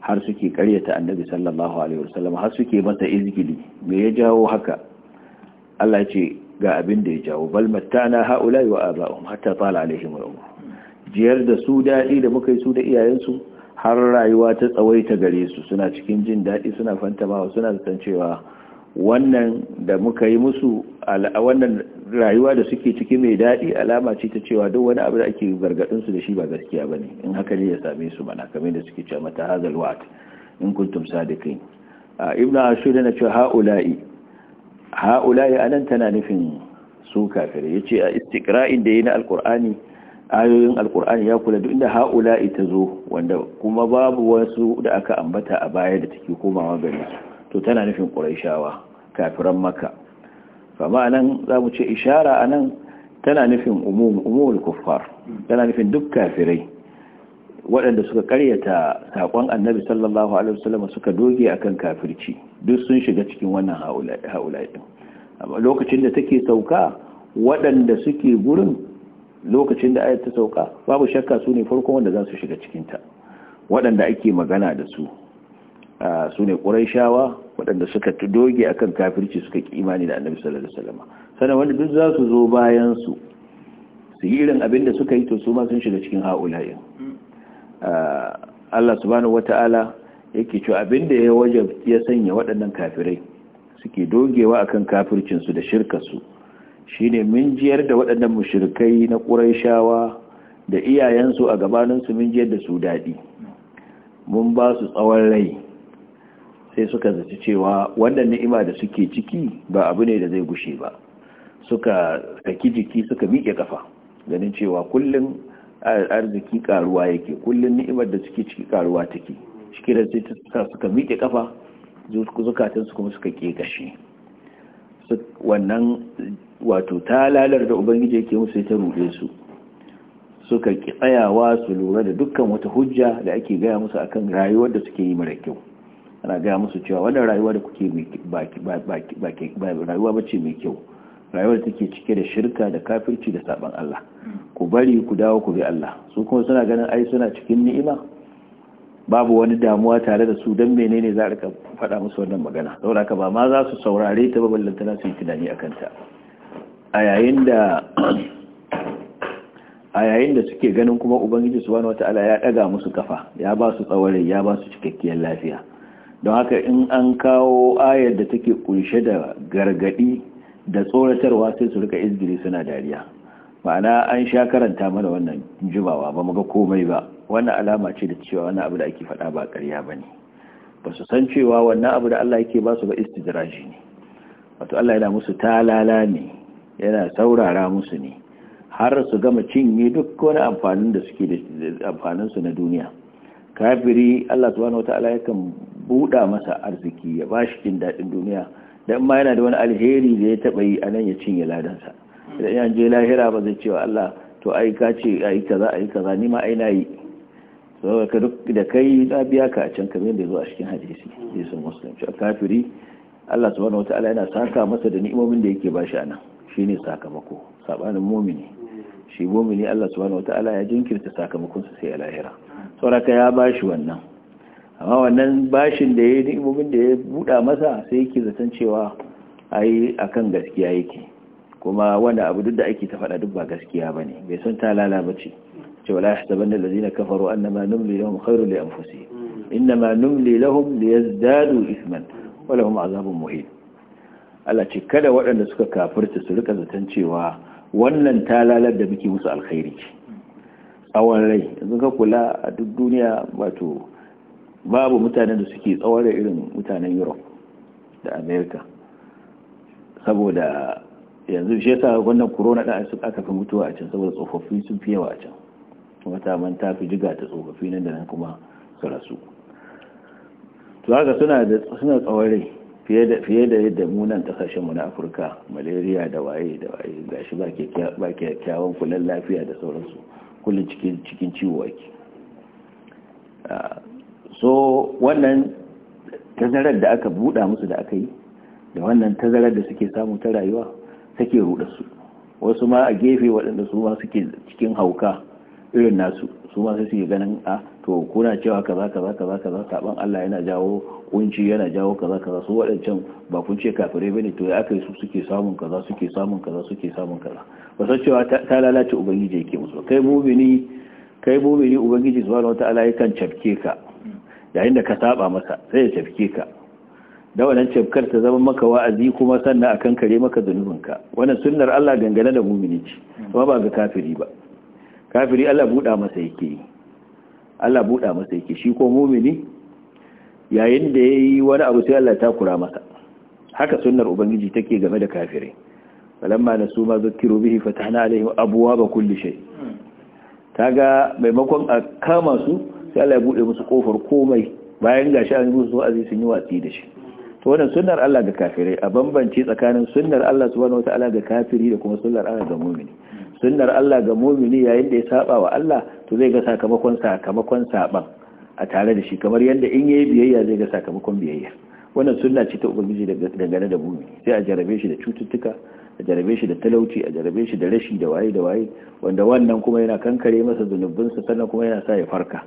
har suke karyata annabi sallallahu alaihi wasallam har suke mata izgili me ya jawo haka Allah ce ga abin da ya jawo bal matta'na haula wa aba'um hatta tala alaihim al-umr jiyar da su dadi da muka yi su da iyayensu har rayuwa ta tsawaita gare su suna cikin jin dadi suna fantamawa suna san cewa wannan da muka yi musu wannan rayuwa da suke ciki mai daɗi alama ce ta cewa duk wani abu da ake gargaɗin su da shi ba gaskiya ba ne in haka ne ya same su mana kamar da suke cewa mata hazal wa'd in kuntum sadiqin ibnu ashur yana cewa haula'i haula'i anan tana nufin su kafire yace a istiqra'in da yayi na alqur'ani ayoyin alqur'ani ya kula duk inda haula'i ta zo wanda kuma babu wasu da aka ambata a baya da take komawa gare su to tana nufin quraishawa kafiran makka kama nan za mu ce ishara anan tana nufin umumul kuffar tana nufin duk kafirai waɗanda suka karyata saƙon annabi sallallahu alaihi wasallam suka doge akan kafirci duk sun shiga cikin wannan haula'i amma lokacin da take sauka waɗanda suke gurin lokacin da ayat ta sauka babu shakka su ne farkon wanda za su shiga cikinta waɗanda ake magana da su su ne ƙuraishawa waɗanda suka doge akan kafirci suka ƙi imani da annabi sallallahu alaihi wasallam sannan wanda duk za su zo bayan su su yi irin abin da suka yi to su ma sun shiga cikin haulayen Allah subhanahu wata'ala yake cewa abin da ya waje ya sanya waɗannan kafirai suke dogewa akan kafircin su da shirkar su shine min jiyar da waɗannan mushrikai na ƙuraishawa da iyayensu a gabaninsu min jiyar da su daɗi mun ba su tsawon rai sai suka zaci cewa wannan ni'ima da suke ciki ba abu ne da zai gushe ba suka kaki jiki suka miƙe kafa ganin cewa kullum arziki karuwa yake kullum ni'imar da suke ciki karuwa take shi da sai suka miƙe kafa zukatunsu kuma suka ke gashi wannan wato talalar da ubangiji yake musu ta ruɗe su suka tsayawa su lura da dukkan wata hujja da ake gaya musu akan rayuwar da suke yi mara kyau ana gaya musu cewa wannan rayuwa da kuke rayuwa ce mai kyau rayuwar da take cike da shirka da kafirci da saban Allah ku bari ku dawo ku bi Allah su kuma suna ganin ai suna cikin ni'ima babu wani damuwa tare da su don menene za a faɗa musu wannan magana saboda ka ba ma za su saurare ta baballantana su yi tunani a kanta a yayin da a yayin suke ganin kuma ubangiji subhanahu wataala ya daga musu kafa ya ba su tsawarai ya ba su cikakkiyar lafiya don haka in an kawo ayar da take kunshe da gargadi da tsoratarwa sai su rika izgiri suna dariya ma'ana an sha karanta mana wannan jimawa ba mu ga komai ba wannan alama ce da cewa wannan abu da ake faɗa ba karya ba ne ba su san cewa wannan abu da Allah yake ba su ba istidraji ne wato Allah yana musu talala ne yana saurara musu ne har su gama cinye duk wani amfanin da suke da amfanin su na duniya kafiri Allah subhanahu wataala yakan buɗa masa arziki ya ba shi jin daɗin duniya dan ma yana da wani alheri da ya taɓa yi a nan ya cinye ladansa idan yan je lahira ba zai cewa Allah to ai ka ce ai kaza ai kaza ni ma ai na yi saboda ka duk da kai na biya ka a can kamar yadda ya zo a cikin hadisi jesu muslim cewa kafiri Allah subhanahu wataala yana saka masa da ni'imomin da yake bashi anan shine sakamako sabanin mumini shi mumini Allah subhanahu wataala ya jinkirta sakamakon sa sai a lahira saboda ya bashi wannan amma wannan bashin da ya yi ni'imomin da ya buɗa masa sai yake zaton cewa a kan gaskiya yake kuma wanda abu duk da ake ta faɗa duk ba gaskiya ba ne bai san talala ba ce cewa la yahsabanna allazina kafaru annama numli lahum khairun li anfusihim mm. innama numli ya zadu isman wa kuma azabun muhin Allah ce kada waɗanda suka kafirta su rika zaton cewa wannan talalar da muke musu alkhairi ce wani rai yanzu ka kula a duk duniya wato babu mutanen da suke tsawara irin mutanen europe da america saboda yanzu shi yasa wannan corona da aka fi mutuwa a can saboda tsofaffi sun fi yawa a can wata ta man ta fi jiga ta tsofaffi nan da nan kuma su rasu to haka suna da suna fiye da fiye da yadda mu nan kasashen mu na Afirka malaria da waye da waye gashi ba ke ba ke kyawun kullun lafiya da sauransu kullun cikin cikin ciwo ake ah, so wannan tazarar da aka buɗa musu da aka yi da wannan tazarar da suke samu ta rayuwa take rudarsu su wasu ma a gefe waɗanda su ma suke cikin hauka irin nasu su ma sai suke ganin a ah, to kuna cewa kaza kaza kaza kaza saban Allah yana jawo kunci yana jawo kaza kaza su waɗancan ba kun ce kafire bane to ya aka su suke samun kaza suke samun kaza suke samun kaza ba san cewa ta lalace ubangiji yake musu kai mumini kai mumini ubangiji subhanahu wataala yakan cafke ka yayin da ka saba masa sai ya tafke ka da wannan cefkar ta zama maka wa'azi kuma sannan a kare maka zanubinka wannan sunnar Allah dangane da mumini ce kuma ba ga kafiri ba kafiri Allah buɗa masa yake Allah buɗa masa yake shi ko mumini yayin da yayi wani abu sai Allah ta kura masa haka sunnar ubangiji take game da kafirai falamma nasu ma zukkiru bihi fatahna alaihim abwaaba kulli shay kaga maimakon a kama su sai Allah ya bude musu kofar komai bayan gashi an a zai sun yi watsi da shi to wannan sunnar Allah ga kafirai a bambance tsakanin sunnar Allah subhanahu wataala ga kafiri da kuma sunnar Allah ga mu'mini sunnar Allah ga mu'mini yayin da ya saba wa Allah to zai ga sakamakon sakamakon saban a tare da shi kamar yadda in yayi biyayya zai ga sakamakon biyayya wannan sunna ce ta ubangiji dangane da mu'mini sai a jarabe shi da cututtuka a jarabe shi da talauci a jarabe shi da rashi da waye da waye wanda wannan kuma yana kankare masa zunubinsa sannan kuma yana sa ya farka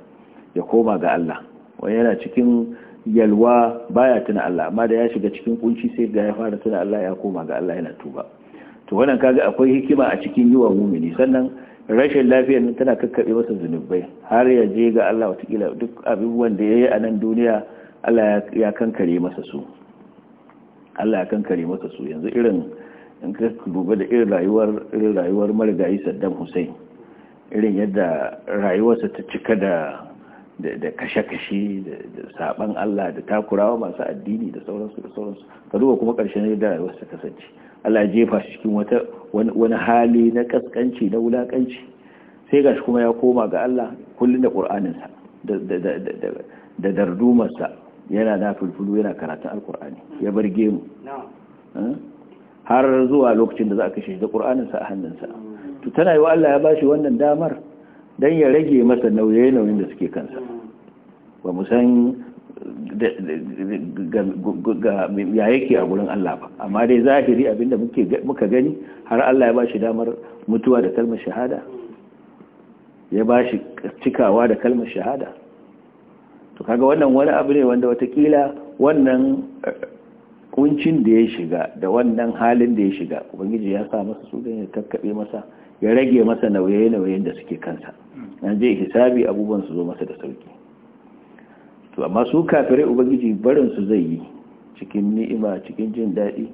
ya koma ga Allah wani yana cikin yalwa baya tuna Allah amma da ya shiga cikin kunci sai ga ya fara tuna Allah ya koma ga Allah yana tuba to wannan kaga akwai hikima a cikin yiwa mumini sannan rashin lafiyar nan tana kakkabe masa zunubai har ya je ga Allah watakila duk abubuwan da yayi a nan duniya Allah ya kankare masa su Allah ya kankare masa su yanzu irin in ka duba da irin rayuwar irin rayuwar marigayi Saddam Hussein irin yadda rayuwarsa ta cika da da kashe-kashe da saban Allah da takurawa masu addini da sauransu da sauransu ka duba kuma ƙarshen yadda rayuwar ta kasance Allah jefa shi cikin wata wani hali na kaskanci na wulakanci sai gashi kuma ya koma ga Allah kullun da Qur'aninsa da dardumarsa yana da fulfulu yana karatun alkur'ani ya bar gemu eh? har zuwa lokacin da za a kashe da ƙur'aninsa a hannunsa to tana yi wa Allah ya bashi wannan damar don ya rage masa nauye-nauyin da suke kansa ba mu san ya yake a gurin Allah ba amma dai zahiri abinda muka gani har Allah ya ba shi damar mutuwa da kalmar shahada ya ba shi cikawa da kalmar shahada to kaga wannan wani abu ne wanda wata kila wannan eh, kuncin da ya shiga da wannan halin da ya shiga ubangiji ya sa masa su ya kakkabe masa ya rage masa nauye-nauyen da suke kansa an je hisabi abubuwan su zo masa da sauki to amma su kafirai ubangiji barin su zai yi cikin ni'ima cikin jin daɗi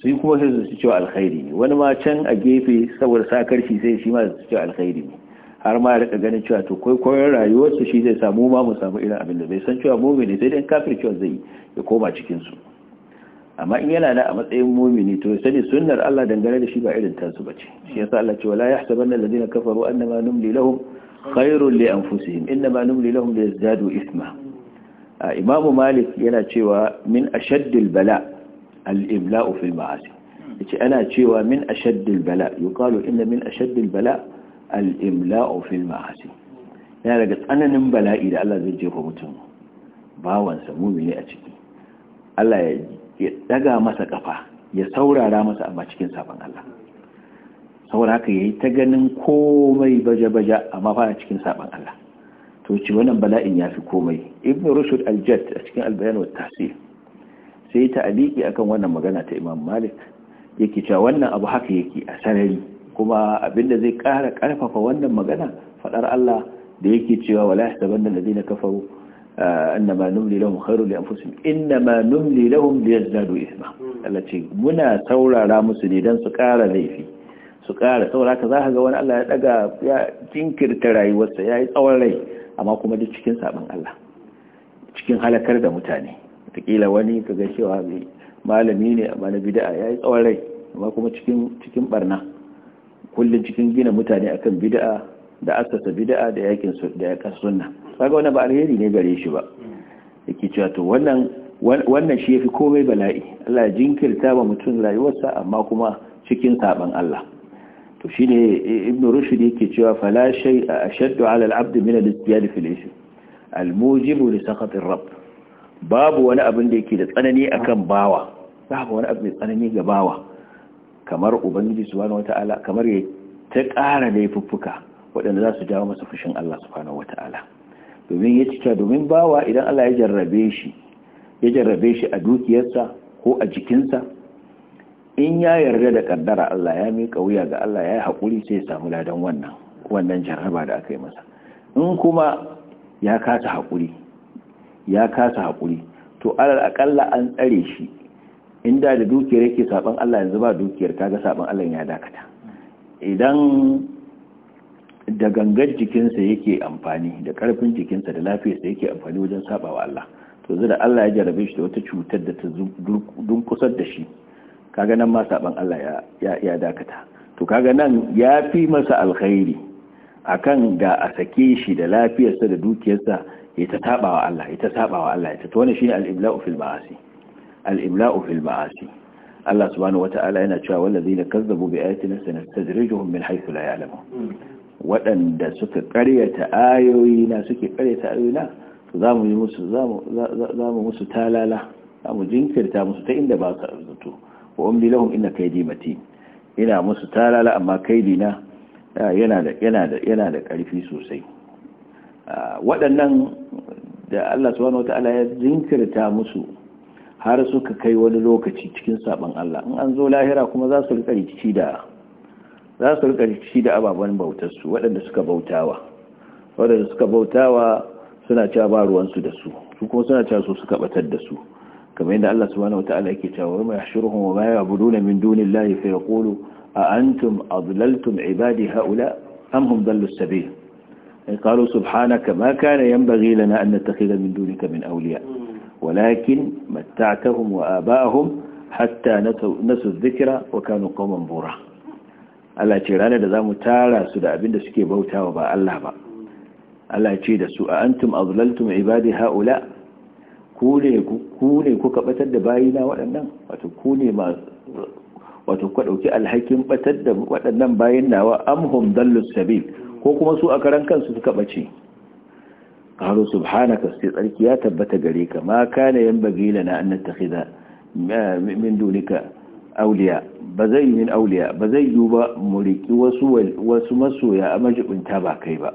su kuma sai su cewa alkhairi ne wani ma can a gefe saboda sakarci sai shi ma su cewa alkhairi ne har ma rika ganin cewa to rayuwar su shi zai samu ma mu samu irin abin da bai san cewa mu ne sai dan kafir cewa zai ya koma cikin su amma in yana na a matsayin mumini to sani sunnar Allah dangane da shi ba irin tasu ce. shi yasa Allah ce wala yahsabanna alladhina kafaru annama numli lahum khairul li anfusihim innama numli lahum liyazdadu A Imam Malik yana cewa min ashaddil bala al-imla'u fil ma'asi yace ana cewa min ashaddil bala yuqalu inna min ashaddil bala al-imla'u fil ma'asi yana daga tsananin bala'i da Allah zai jefa mutum bawansa mumini a ciki Allah ya ya daga masa kafa ya saurara masa amma cikin sabon Allah saboda haka yayi ta ganin komai baje-baje amma fa cikin sabon Allah to ci wannan bala'in yafi komai ibnu rushd al-jadd a cikin al-bayan wa tahsil sai ta aliki akan wannan magana ta imam malik yake cewa wannan abu haka yake a sarari kuma abinda zai kara karfafa wannan magana fadar Allah da yake cewa wala yastabanna alladhina kafaru annama numli لهم خير li anfusihim نملي numli ليزدادوا liyazdadu التي Allah ce muna saurara musu ne dan su ƙara laifi su ƙara saurara ka ga wani Allah ya daga ya jinkirta rayuwarsa yayi tsawon rai amma kuma cikin sabon Allah cikin halakar da mutane takila wani kaga cewa malami ne amma na bid'a yayi tsawon rai amma kuma cikin cikin barna kullun cikin gina mutane akan bid'a da asasa bid'a da yakin da yakan sunna kaga wannan ba alheri ne gare shi ba yake cewa to wannan wannan shi yafi komai bala'i Allah jinkirta wa mutum rayuwarsa amma kuma cikin saban Allah to shine ibn rushd yake cewa fala shay ashaddu ala al-abd min al-istiyad fi al-ishm al-mujib li sakhat ar-rabb babu wani abin da yake da tsanani akan bawa babu wani abin da tsanani ga bawa kamar ubangiji subhanahu wataala kamar ya ta ƙara laifuffuka waɗanda za su jawo masa fushin Allah subhanahu wataala domin ya cika domin bawa idan Allah ya jarrabe shi ya jarrabe shi a dukiyarsa ko a jikinsa in ya yarda da kaddara Allah ya miƙa wuya ga Allah ya yi haƙuri sai ya samu ladan wannan wannan jarraba da aka yi masa in kuma ya kasa haƙuri ya kasa haƙuri to alal aƙalla an tsare shi inda da dukiyar yake saban Allah yanzu ba dukiyar kaga saban Allah ya dakata idan da gangar jikinsa yake amfani da karfin jikinsa da lafiyarsa yake amfani wajen saba wa Allah to zai da Allah ya jarabe shi da wata cutar da ta dunkusar da shi kaga nan ma saban Allah ya dakata to kaga nan ya fi masa alkhairi akan da a sake shi da lafiyarsa da dukiyarsa ya ta saba wa Allah ya ta saba wa Allah ya ta wani shine al-ibla'u fil ma'asi al-ibla'u fil ma'asi Allah subhanahu wata'ala yana cewa wallazina kazzabu bi ayatina sanastadrijuhum min haythu la ya'lamun waɗanda suka ƙaryata ayoyina suke ƙaryata ayoyina za mu yi musu za mu musu talala za mu jinkirta musu ta inda ba ka zato an bi lahum inna kai matin ina musu talala amma kaidi na yana da ƙarfi sosai waɗannan da Allah su wani wataala ya jinkirta musu har suka kai wani lokaci cikin saban Allah in an zo lahira kuma za su riƙa rikici da zasu su rikarci da ababen bautarsu waɗanda suka bautawa waɗanda suka bautawa suna cewa ba ruwansu da su su kuma suna cewa su suka batar da su kamar yadda Allah subhanahu wata'ala yake cewa wa mai shiru kuma ba ya min dunin layi fa ya kulu a antum azlaltum ibadi haula am hum dallu sabi ay qalu subhanaka ma kana yanbaghi lana an nattakhidha min dunika min awliya walakin matta'tahum wa aba'ahum hatta nasu dhikra wa kanu qawman bura Allah ce ranar da zamu tara su da abinda suke bautawa ba Allah ba Allah ce da su a antum azlaltum ibadi haula ku ne kuka batar da bayina waɗannan wato ku ne wato alhakin batar da waɗannan bayin nawa amhum dallus sabil ko kuma su a karan kansu suka bace tsarki ya tabbata gare ka ma ما كان ينبغي na أن نتخذ من دونك auliya ba zai min auliya ba zai yiwu ba mu riki wasu wasu masoya a majibinta ba kai ba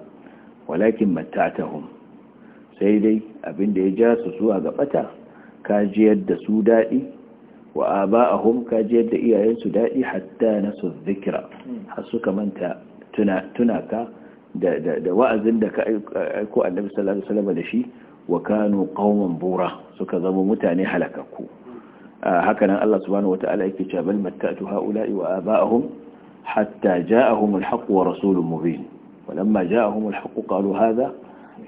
walakin mattatahum sai dai abinda ya ja su zuwa ga bata ka jiyar da su daɗi wa aba'ahum ka jiyar da iyayensu daɗi hatta na zikira har suka manta tuna ka da wa'azin da ka aiko annabi sallallahu alaihi wasallam da shi wa kanu qauman bura suka zama mutane halakakku Ah, hakanan nan Allah subhanahu wata'ala yake cewa bal matta'tu ha'ula'i wa aba'ahum hatta ja'ahum al-haq wa rasulun mubin walamma ja'ahum al-haq qalu hadha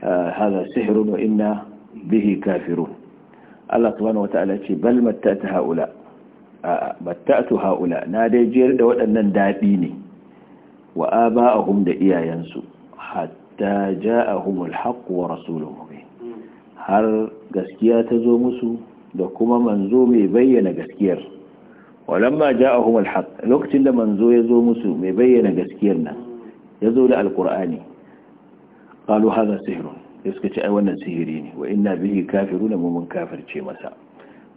ah, hadha sihrun wa inna bihi kafirun Allah subhanahu wata'ala ce bal matta'tu ha'ula ah, matta'tu ha'ula na dai jiyar da waɗannan dadi ne wa aba'ahum da iyayensu hatta ja'ahum al-haq wa rasulun mubin har gaskiya ta zo musu da kuma manzo mai bayyana gaskiyar walamma ja'ahum alhaq lokacin da manzo ya zo musu mai bayyana gaskiyar nan ya zo da alqur'ani qalu hadha sihrun suka ce ai wannan sihiri ne wa inna bihi kafiruna mu mun kafirce masa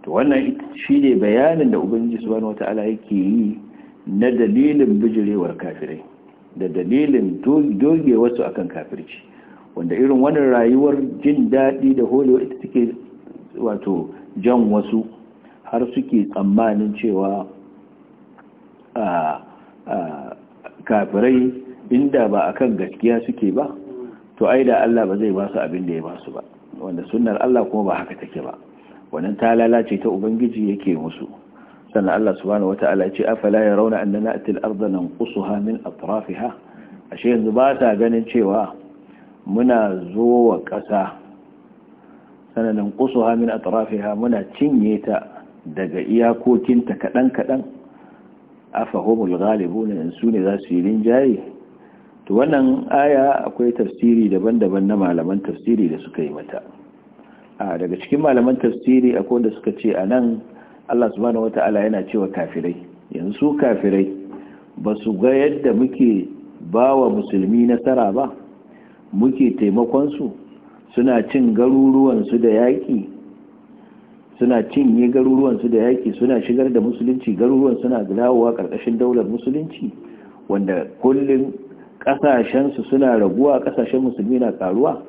to wannan shine bayanin da ubangiji subhanahu wataala yake yi na dalilin bijirewar kafirai da dalilin doge wasu akan kafirci wanda irin wannan rayuwar jin daɗi da holewa ita take wato jan wasu har suke tsammanin cewa kafirai inda ba a kan gaskiya suke ba to ai da Allah ba zai basu abin da ya basu ba wanda sunnar Allah kuma ba haka take ba wannan ta lalace ta ubangiji yake musu sannan Allah subhanahu wataala ya ce afala yarawna annana atil arda nanqusuha min atrafiha ashe yanzu ba ta ganin cewa muna zo wa ƙasa sananin kusuha min ha muna cinye ta daga iyakokinta kaɗan-kaɗan afahumul ghalibuna in su ne za su yi rinjaye to wannan aya akwai tafsiri daban-daban na malaman tafsiri da suka yi mata a daga cikin malaman tafsiri akwai wanda suka ce a nan Allah subhanahu wata'ala yana cewa kafirai yanzu su kafirai ba su ga yadda muke ba wa musulmi nasara ba muke taimakon su suna cin garuruwansu da yaƙi suna cinye garuruwansu da yaƙi suna shigar da musulunci garuruwan suna dawowa ƙarƙashin daular musulunci wanda kullum ƙasashensu suna raguwa ƙasashen musulmi na ƙaruwa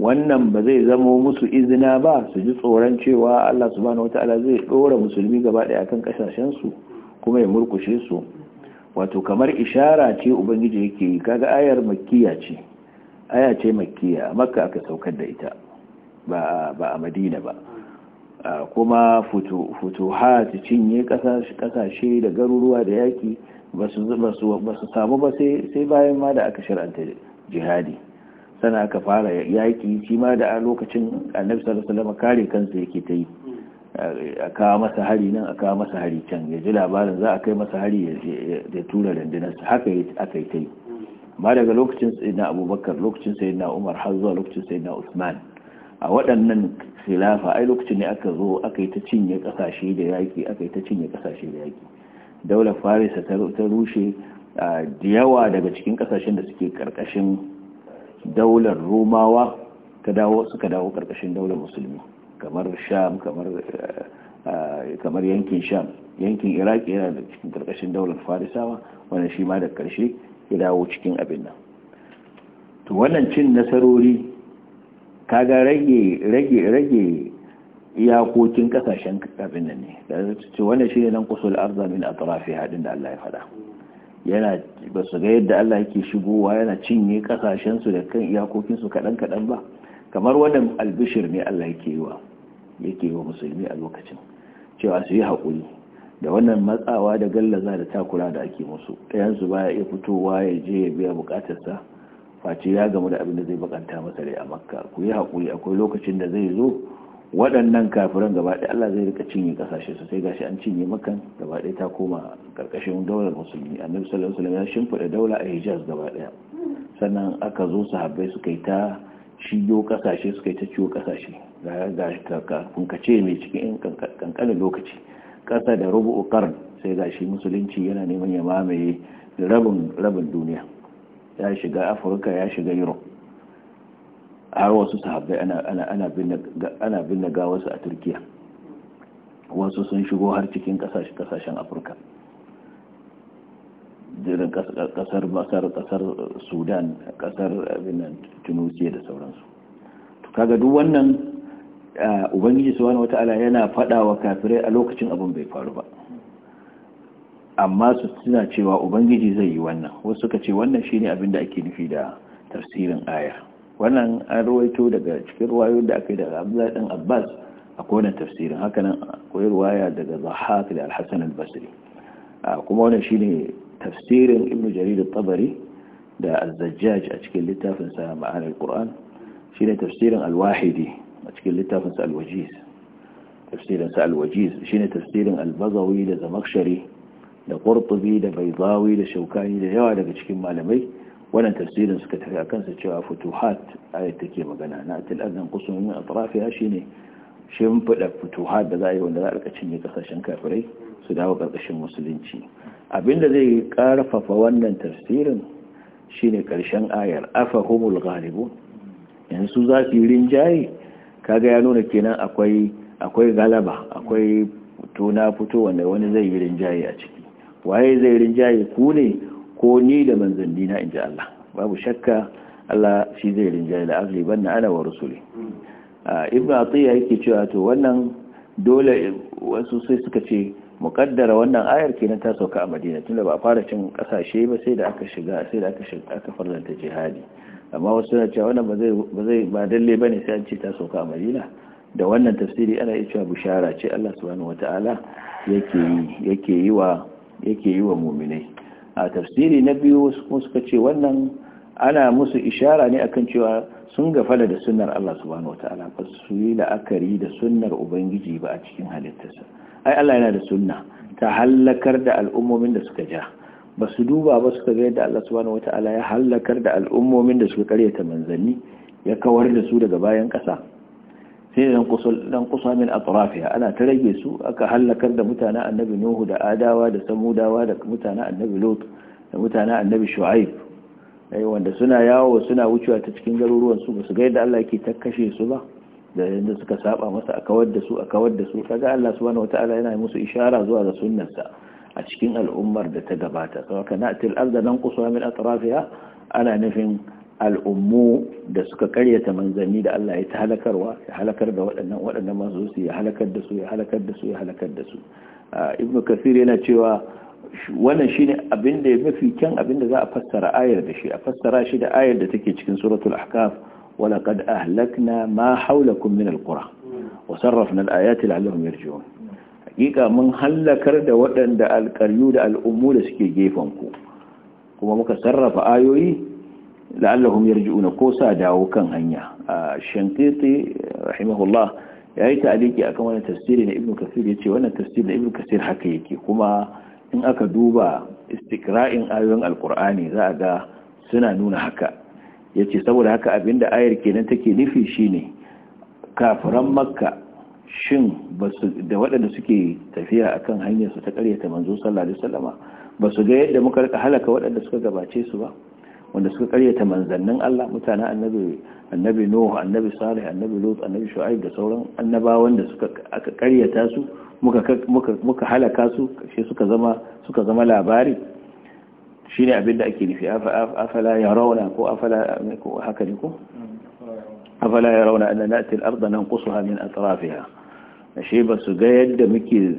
wannan ba zai zama musu izina ba su ji tsoron cewa Allah subhanahu wata'ala zai ɗora musulmi gaba ɗaya kan ƙasashensu kuma ya murkushe su wato kamar ishara ce ubangiji yake yi kaga ayar makkiya ce aya ce makkiya makka aka saukar da ita ba a madina ba kuma futuha su cinye kasashe da garuruwa da yaki ba su samu ba sai bayan ma da aka shir'anta jihadi sana aka fara yaki shi ma da a lokacin annabi sallallahu alaihi wasallam kare kansa yake ta yi a kawo masa hari nan a kawo masa hari can ya ji labarin za a kai masa hari ya tura rundunar haka ya yi ta yi ma daga lokacin na abubakar lokacin sayyidina umar har zuwa lokacin sayyidina usman a waɗannan khilafa ai lokacin ne aka zo aka yi ta cinye kasashe da yaki aka yi ta cinye kasashe da yaki daular farisa ta rushe da yawa daga cikin kasashen da suke karkashin daular romawa ka dawo suka dawo karkashin daular musulmi kamar sham kamar kamar yankin sham yankin iraki yana da cikin karkashin daular farisawa wannan shi ma da karshe ya dawo cikin abin nan to wannan cin nasarori kaga rage rage rage iyakokin kasashen abin nan ne da ce wannan shine nan kusul arza min atrafi hadin da Allah ya faɗa yana ba su ga yadda Allah yake shigowa yana cinye kasashen su da kan iyakokin su kadan kadan ba kamar wannan albishir ne Allah yake yi wa yake yi wa musulmi a lokacin cewa su yi haƙuri da wannan matsawa da gallaza da takura da ake musu ɗayansu baya iya fitowa ya je ya biya bukatarsa face ya gamu da abin da zai bakanta masa dai a makka ku yi haƙuri akwai lokacin da zai zo waɗannan kafiran gaba ɗaya Allah zai rika cinye ƙasashe su sai gashi an cinye makan gaba ɗaya ta koma ƙarƙashin daular musulmi annabi sallallahu alaihi wasallam ya shimfiɗa daula a hijaz gaba ɗaya sannan aka zo sahabbai suka yi ta shigo ƙasashe suka yi ta ciwo kasashe ga ga kun kace mai cikin ƙanƙanin lokaci ƙasa da rubu karn sai ga shi musulunci yana neman ya mamaye rabin rabin duniya ya shiga afirka ya shiga europe har wasu sahabbai ana binne gawarsu a turkiya wasu sun shigo har cikin kasashen afirka jirin kasar masar kasar sudan kasar tunisia da sauransu kaga duk wannan Uh, ubangiji subhanahu wata'ala yana faɗa wa kafirai a lokacin abin bai faru ba amma su suna cewa ubangiji zai yi wannan wasu suka ce wannan shine abin da ake nufi da tafsirin aya wannan an rawaito daga cikin ruwayo da aka yi daga abdullahi ɗan abbas a kowane tafsirin hakanan akwai ruwaya daga zahaq da alhassan albasri kuma wannan shine tafsirin ibnu jarir at-tabari da az a cikin littafin sa ma'anar qur'an shine tafsirin alwahidi. a cikin littafin sa alwajiz tafsirin sa shi ne tafsirin albazawi da zamakshari da qurtubi da baydawi da shaukani da yawa daga cikin malamai wannan tafsirin suka tafi a kansa cewa futuhat ayat take magana na til adan qusum min shine shimfiɗa futuhat da za a yi wanda za a cinye ƙasashen kafirai su dawo ƙarƙashin musulunci abinda zai ƙarfafa wannan tafsirin shine ƙarshen ayar afahumul galibu yanzu za su yi rinjaye kaga ya nuna kenan akwai akwai galaba akwai tuna na fito wanda wani zai yi rinjaye a ciki waye zai yi rinjaye ku ne ko ni da manzanni na inji Allah babu shakka Allah shi zai rinjaye da azli banna ana wa rusuli ibnu atiya yake cewa to wannan dole wasu sai suka ce muƙaddara wannan ayar kenan ta sauka a madina tunda ba fara cin kasashe ba sai da aka shiga sai da aka shiga aka farlanta jihadi amma wasu suna cewa wannan ba zai ba dalle ba ne sai an ce ta sauka a madina da wannan tafsiri ana iya cewa bishara ce Allah subhanahu wata'ala yake yi yake yi wa yake yi wa mu'minai a tafsiri na biyu wasu suka ce wannan ana musu ishara ne akan cewa sun gafala da sunnar Allah subhanahu wata'ala ba su yi la'akari da sunnar ubangiji ba a cikin halittarsa ai Allah yana da sunna ta hallakar da al'ummomin da suka ja ba su duba ba suka ga yadda Allah subhanahu wata'ala ya halakar da al'ummomin da suka karyata manzanni ya kawar da su daga bayan kasa sai dan kusa min atrafiya ana ta rage su aka halakar da mutanen annabi nuhu da adawa da samudawa da mutanen annabi lot da mutanen annabi shu'aib wanda suna yawo suna wucewa ta cikin garuruwan su basu ga yadda Allah yake ta kashe su ba da yadda suka saba masa a kawar da su a kawar da su kaga Allah subhanahu wataala yana musu ishara zuwa ga sunnarsa a cikin al'ummar da ta gabata saboda na til arda nan kusa min atrafiya ana nufin al'ummu da suka karyata manzanni da Allah ya ta halakarwa ya halakar da waɗannan waɗannan masu su ya halakar da su ya halakar da su ya halakar da su ibnu kasir yana cewa wannan shine abin da mafi kyan abin da za a fassara ayar da shi a fassara shi da ayar da take cikin suratul ahkaf ahlakna ma hawlakum min alqura wa sarrafna الآيات la'allahum yarji'un hakika mun hallakar da waɗanda alƙaryu da al'ummu da suke gefen ku kuma muka sarrafa ayoyi la'allahum yarji'una ko sa dawo kan hanya a shantiti rahimahullah ya yi ta'aliki akan wannan tafsiri na ibnu kasir ce wannan tasiri na ibn kasir haka yake kuma in aka duba istikra'in ayoyin alkur'ani za a ga suna nuna haka ya ce saboda haka abinda ayar kenan take nufi shine kafiran makka shin da waɗanda suke tafiya akan hanyar su ta ƙaryata manzo sallallahu alaihi wasallama ba su ga yadda muka rika halaka waɗanda suka gabace su ba wanda suka ƙaryata manzannin Allah mutane annabi annabi Nuh annabi Salih annabi Lut annabi Shu'aib da sauran annabawan da suka aka ƙaryata su muka muka muka halaka su shi suka zama suka zama labari shine abin da ake nufi afala yarawna ko afala ko haka ne ko afala ya rauna na na'til arda nanqusuha min atrafiha ashe basu ga yadda muke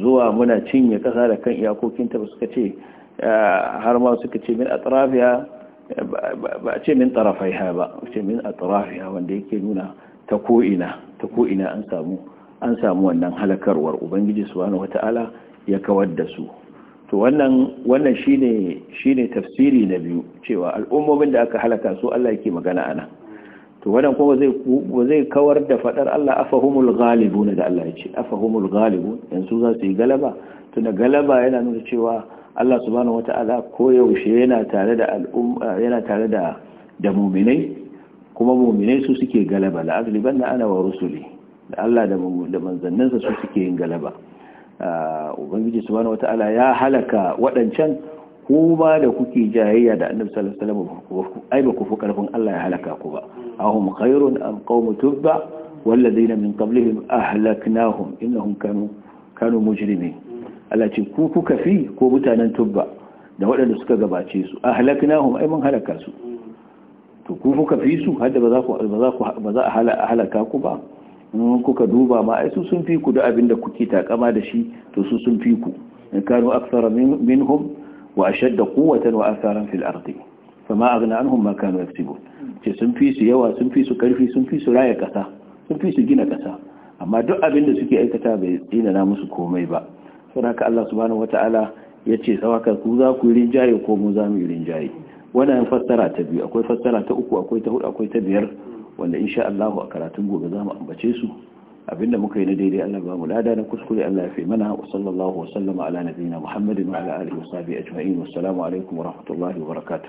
zuwa muna cinye kasa da kan iyakokinta ba suka ce har ma suka ce min atrafiha ba a ce min tarafaiha ba ce min atrafiha wanda yake nuna ta ko'ina ta an samu wannan halakarwar ubangiji subhanahu ala ya kawar da su to wannan wannan shine shine tafsiri na biyu cewa al'ummomin da aka halaka su Allah yake magana anan to wannan kuma zai zai kawar da fadar Allah afahumul ghalibun da Allah ya ce afahumul ghalibun yanzu za su yi galaba na galaba yana nuna cewa Allah subhanahu wataala koyaushe yana tare da al'umma yana tare da da mu'minai kuma mu'minai su suke galaba la azlibanna ana wa rusuli da Allah da manzanninsa su suke yin galaba ah, ubangiji subhanahu wataala ya halaka wadancan. ku ma da kuke jayayya da annabi sallallahu alaihi wasallam ai ba ku fi karfin Allah ya halaka ku ba ahum khairun am qaum tubba walladheena min qablihim ahlaknahum innahum kanu kanu mujrimin Allah ce ku kuka fi ko mutanen tubba da waɗanda suka gabace su ahlaknahum ai mun halaka su to ku kuka fi su hadda ba za ku ba za ku ba za a halaka ku ba in kuka duba ma ai su sun fi ku da abinda kuke takama da shi to su sun fi ku in kanu aktsara minhum وأشد قوة وأثارا في الأرض فما أغنى عنهم ما كانوا يكسبون sun fi su yawa sun fi su karfi sun fi su raya kasa sun fi su gina kasa amma duk abin da suke aikata bai tsina na musu komai ba sun haka Allah subhanahu wata'ala ya ce sawaka ku za ku yi rinjaye ko mu za mu yi rinjaye wannan fassara ta biyu akwai fassara ta uku akwai ta hudu akwai ta biyar wanda insha allahu a karatun gobe za mu ambace su abinda muka yi na daidai Allah ba mu lada na kuskure Allah ya fi mana wa sallallahu wa sallama ala nabiyina Muhammadin wa ala alihi wa sahbihi ajma'in wassalamu alaikum wa rahmatullahi wa barakatuh